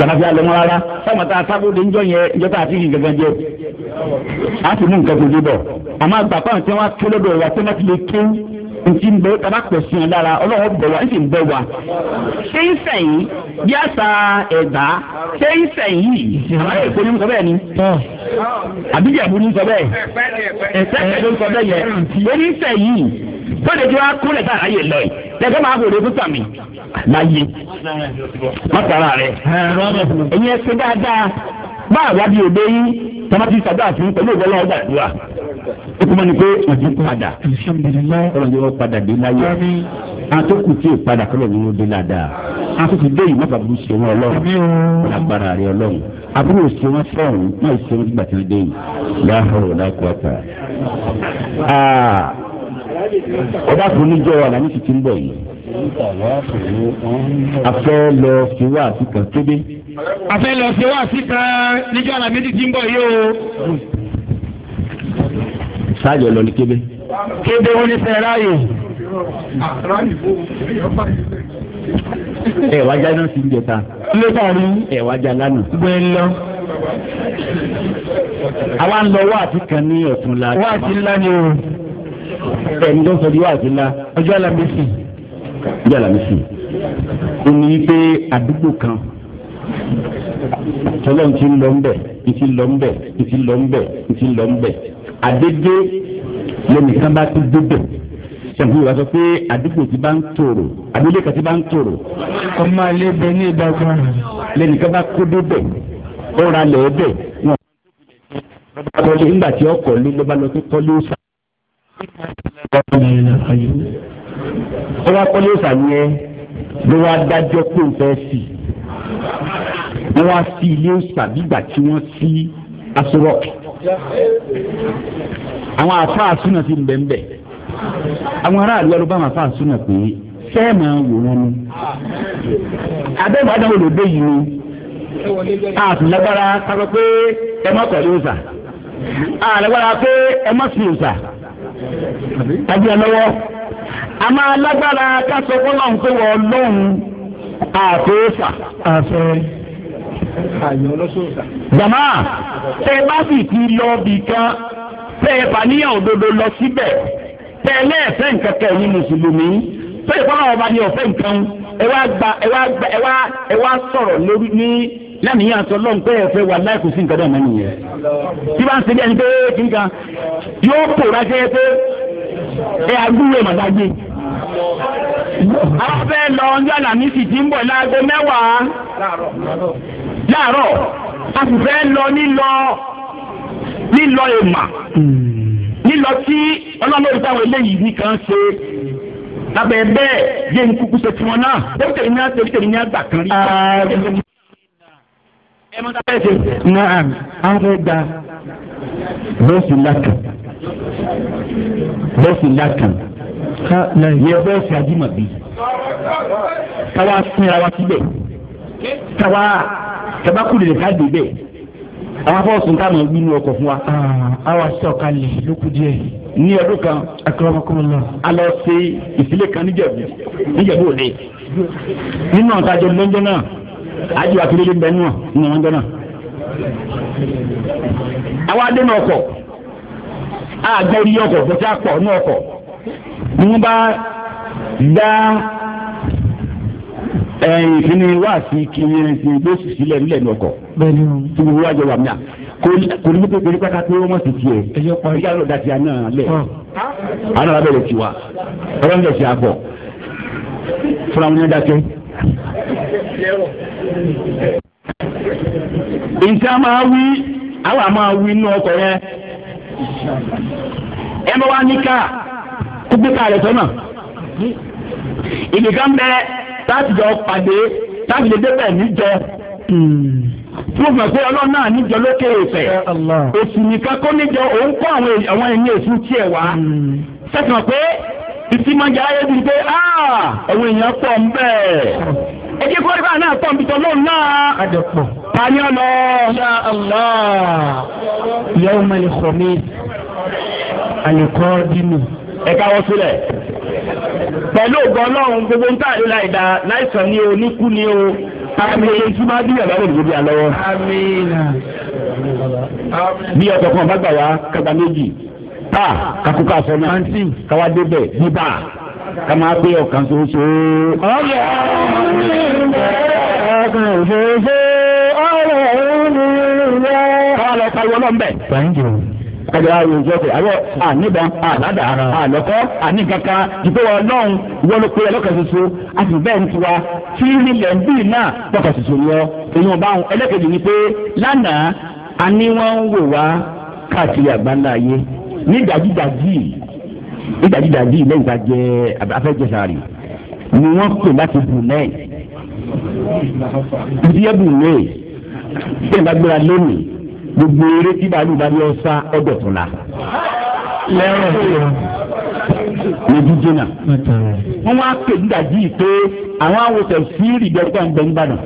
S1: yàtọ̀ fi alẹ́ mọ́ rárá
S2: sọ́mọ tá a sábòde ńjọ yẹn ìjọ tá a ti yìn gẹ́gẹ́ jẹ́ a sì mú nǹkan tó dé bọ̀ àmọ́ àgbà kan tí wọ́n á kí lọ́dọ̀ ìwà ntí ń bẹ kaba pẹ̀ sí ẹ lára ọlọ́wọ́ bẹ̀ wá ntí ń bẹ̀ wá.
S1: ṣé ń sẹ̀yìn
S2: bí àṣà ẹ̀dá ṣé ń sẹ̀yìn àwọn èkó ní ń sọ bẹ́ẹ̀ ni. àbíjẹ̀bù ní ń sọ bẹ́ẹ̀ ẹ̀sẹ̀ ló ń sọ bẹ́ẹ̀ yẹ ó ní sẹ̀yìn fọ́ọ̀dẹ̀ tí wọ́n á kúnlẹ̀ tá àyè lọ yìí lẹ́gbẹ́ máa wòlé fún sàmì láyé mọ́tàrà rẹ̀ ẹ̀yin ẹ̀sìn dáadáa bá àwádìí òde yín tọ́mátì sàdúrà fún pẹ̀lú ìwọ́lọ́ ọgbà ìdúrà ó kọ́ mọ́ ni pé wọ́n ti padà ọlọ́run yóò padà dé láyé àtòkù tí ì padà kọ́lọ̀ ní wọ́n dé ládàá àtòkù dé yìí mọ́fà burú ṣe wọn ọlọ́run lágbára rẹ ọlọ́run àbúrò ṣe wọn fọ́ọ̀rùn náà ṣe wọn gbàtí wọn dé yìí láhùrù lákùọ́tà. Ah. ọba kò ní jọ àlàyé ti ti ń bọ̀ yìí afẹ́ lọ fi wá àti kàn àfẹ́ lọ sí wá síta níjọ́ àlàmídìí tí ń bọ̀ yìí o. sáàjọ lọ ní kébé. kébé wọn ní fẹ́ ráàyè. ẹ wá já náà sí ń jẹta. ilé tààrí. ẹ wá já lánàá. gbẹ e lọ. àwa ń lọ wáàtí kan ní ọ̀tún la. wáàtí ńlá ni o. ẹni tó sọ di wáàtí ńlá. ọjọ́ àlàmísì. ọjọ́ àlàmísì. ó ní pé àdúgbò kan tọ́lọ́n ti ń lọ ńbẹ̀ ìtì lọ ńbẹ̀ ìtì lọ ńbẹ̀ ìtì lọ ńbẹ̀ àdédé lẹ́nìkan bá ti débẹ̀ sẹ́ǹkú wa sọ pé àdúgbò ti bá ń tòrò àdúgbò kan ti bá ń tòrò. ọmọ alẹ́ bẹ ní ìdágbọ́n. lẹ́nìkan bá kó débẹ̀ ó ra lẹ́ẹ̀bẹ̀ wọn. bàbá wọlé ńgbà tí ọkọ̀ lé lọ́ba lọ tó kọ́lé ó sà. kọ́lé ó yẹn ló wá dájọ́ pé ń fẹ́ sí wọ́n wá sí ilé òsà bígbà tí wọ́n sí asorọ́
S1: àwọn àfáà súnà ti ń bẹ̀ ń bẹ̀ àwọn
S2: aráàlú ọlọ́ba àwọn àfáà súnà pé fẹ́ẹ̀ máa wò wọ́n ni
S1: abẹ́gbàdàn olóde
S2: yìí ni àtúnlágbára kápẹ́ pé ẹ má kọ̀lé òsà àlágbára pé ẹ má sí òsà tàbí ẹ lọ́wọ́ àmọ́ alágbára ká sọ fọ́lọ́hún pé wọ́n lọ́hùn-ún àfẹ́sà. àfẹ́. àyàn lọ́sọ̀ọ̀sà. jàmá tẹ bá sì ti lọ bìkan tẹ ìfàníyàn òdodo lọ síbẹ̀ tẹ lẹ́ẹ̀fẹ́ nǹkan kẹ́ ní mùsùlùmí tẹ ìfọ́nà ọba ni ọ̀fẹ́ nǹkan ẹ wá gba ẹ wá gba ẹ wá ẹ wá sọ̀rọ̀ lórí ní lẹ́nu yẹn àti ọlọ́run pé ẹ̀fẹ́ wà láì kò sí nǹkan dẹ́mọ̀ nìyẹn. tí bá ń ṣe bí ẹni pé kí nǹkan yóò pòórá jẹ́ pé ẹ agbúrò ẹ̀ màdágbé àwọn lọ ọjọ́ àlàmísì tí ń bọ̀ láago mẹ́wàá láàárọ̀ a sì fẹ́ lọ nílọ nílọ èèmà nílọ tí ọlọ́mọ ìtawọ̀ eléyìí nìkan ṣe lábẹ́ bẹ́ẹ̀ yé ní kúkú ṣe tiwọn náà ó tẹ̀lé ní àtẹ̀lé tẹ̀lé ní àgbà kan rí. ẹ mọ tá a bẹ́ẹ̀ ṣe. naam a fẹ́ gba bọ́ọ̀sì lákàn bọ́ọ̀sì lákàn. yẹ bẹ́ẹ̀ ṣe ajímọ̀bí káwa sinra wa àwọn a máa gbinú ọkọ fún wa. àwa ní ọdún kan. a lọ ṣe ìdílé kan níjẹ̀bú níjẹ̀bú òde.
S1: nínú àwọn àjọ lọ́jọ́ náà
S2: nù náà. àwa ọkọ̀ àpọ̀ ní ọkọ̀. ni wọ́n bá dá ẹ̀yìn eh, kíni wá sí kíni ẹ̀sìn ló sì sílẹ̀ nílẹ̀ ní ọkọ̀ tí gbogbo wájọ wà mìíràn kò ní pépé pátá pé wọ́n sì tiẹ̀ ẹ̀yà lọ́dà tí a náà lẹ̀ àwọn alábẹ̀rẹ̀ tiwa ọlọ́run lẹ̀ sí àgọ̀ fúnra wọn ní dákẹ́ nǹkan máa wí àwọn àmọ́ wí inú ọkọ̀ yẹn ẹ bá wá ní káà.
S1: kó gbé ká rẹ̀
S2: bẹ láti jọ pàdé láti lè débẹ̀ níjọ fún mi pé ọlọ́run náà níjọ lókè ìfẹ́ òsì nìkan kó níjọ òun kó àwọn ẹ̀yìn èsì tiẹ̀ wá sẹ́kàn hmm. pé ìsìmọ̀jà ayé bíi pé ah, àwọn èèyàn pọ̀ ń bẹ̀ náà pọ̀ ń lóun náà ẹ káwọ́ sílẹ̀ pẹ̀lú ògbọ́n ọlọ́run gbogbo ń tàrí láìda láìsàn ni o níkú ni o àmì èyí tí máa bíyàn lọ́wọ́ ìdíje bíyà lọ́wọ́. bí ọkọ̀ kan bá gbà wá kàgbà méjì
S1: tá kakúkà
S2: sọ náà káwá débẹ̀ bíbà ká máa pé ọ̀kan ṣoṣo. ọ̀rẹ́ mi rẹ̀ ọ̀kan ṣoṣo ẹgbẹ́ àrùn ìjọsẹ̀ àwọ̀ àníbọn àládà àlọ́kọ́ àníkàkà ìpè wọn lọ́hùn wọn ló pe ẹlọ́kà ṣoṣo àti bẹ́ẹ̀ ń tiwa tí nílẹ̀ ń bì náà lọ́kà ṣoṣo lọ èèyàn bá wọn ẹlẹ́kẹ̀jì ni pé lánàá a ní wọ́n ń wò wá káàkiri àgbáńlá ayé ní dàjídàjí ìdàjídàjí lẹ́yìn tá a jẹ afẹ́jẹsàárì ni wọ́n pè láti Brunei ìdíyẹ Brunei ìdíyẹ bá gbéra lónìí gbogbo eré tí bàálù bá yọ sá ọdọ tó la lẹ́rọ̀ ní jíjẹ náà wọ́n wá pè ní dàjí pé àwọn awòsàn fíìrì dẹ́gbà ń bẹ ń bàdàn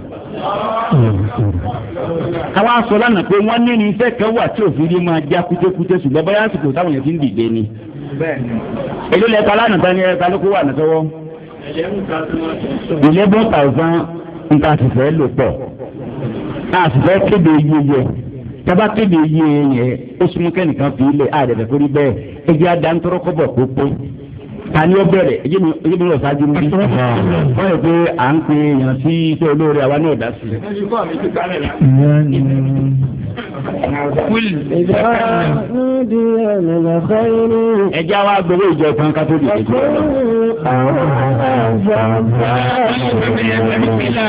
S2: àwọn aṣọ lánàá pé wọ́n ní ní iṣẹ́ kan wà tí òfin rí máa já kútékúté ṣùgbọ́n báyà àsìkò táwọn yẹn fi ń dìde ni èló lẹ́ka lánàá tán ní ẹ̀ka ló wà nítọ́wọ́ eleven thousand nǹkan àtìfẹ́ lò pọ̀ àtìfẹ́ kéde yíyẹ taba kéde iye yẹn ó súnmọ́ kẹ́nìkan fi ilé àdẹ̀fẹ́ kórì bẹ́ẹ̀ ẹgbẹ́ adantọ́rọ́ kọ́bọ̀ kó pé tani ó bẹ̀rẹ̀ ẹjẹ́ mi lọ sáájú mi wọ́n yẹ pé à ń pe èèyàn sí iṣẹ́ olóore àwa náà dá sí. ẹjẹ́ wa gbowó ìjọ kan ká tó dìde jù
S1: lọ.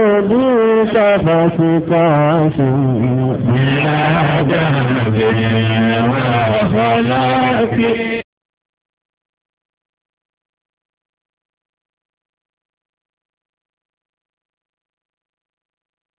S1: بك فسقاس بلا جهد وخلاقي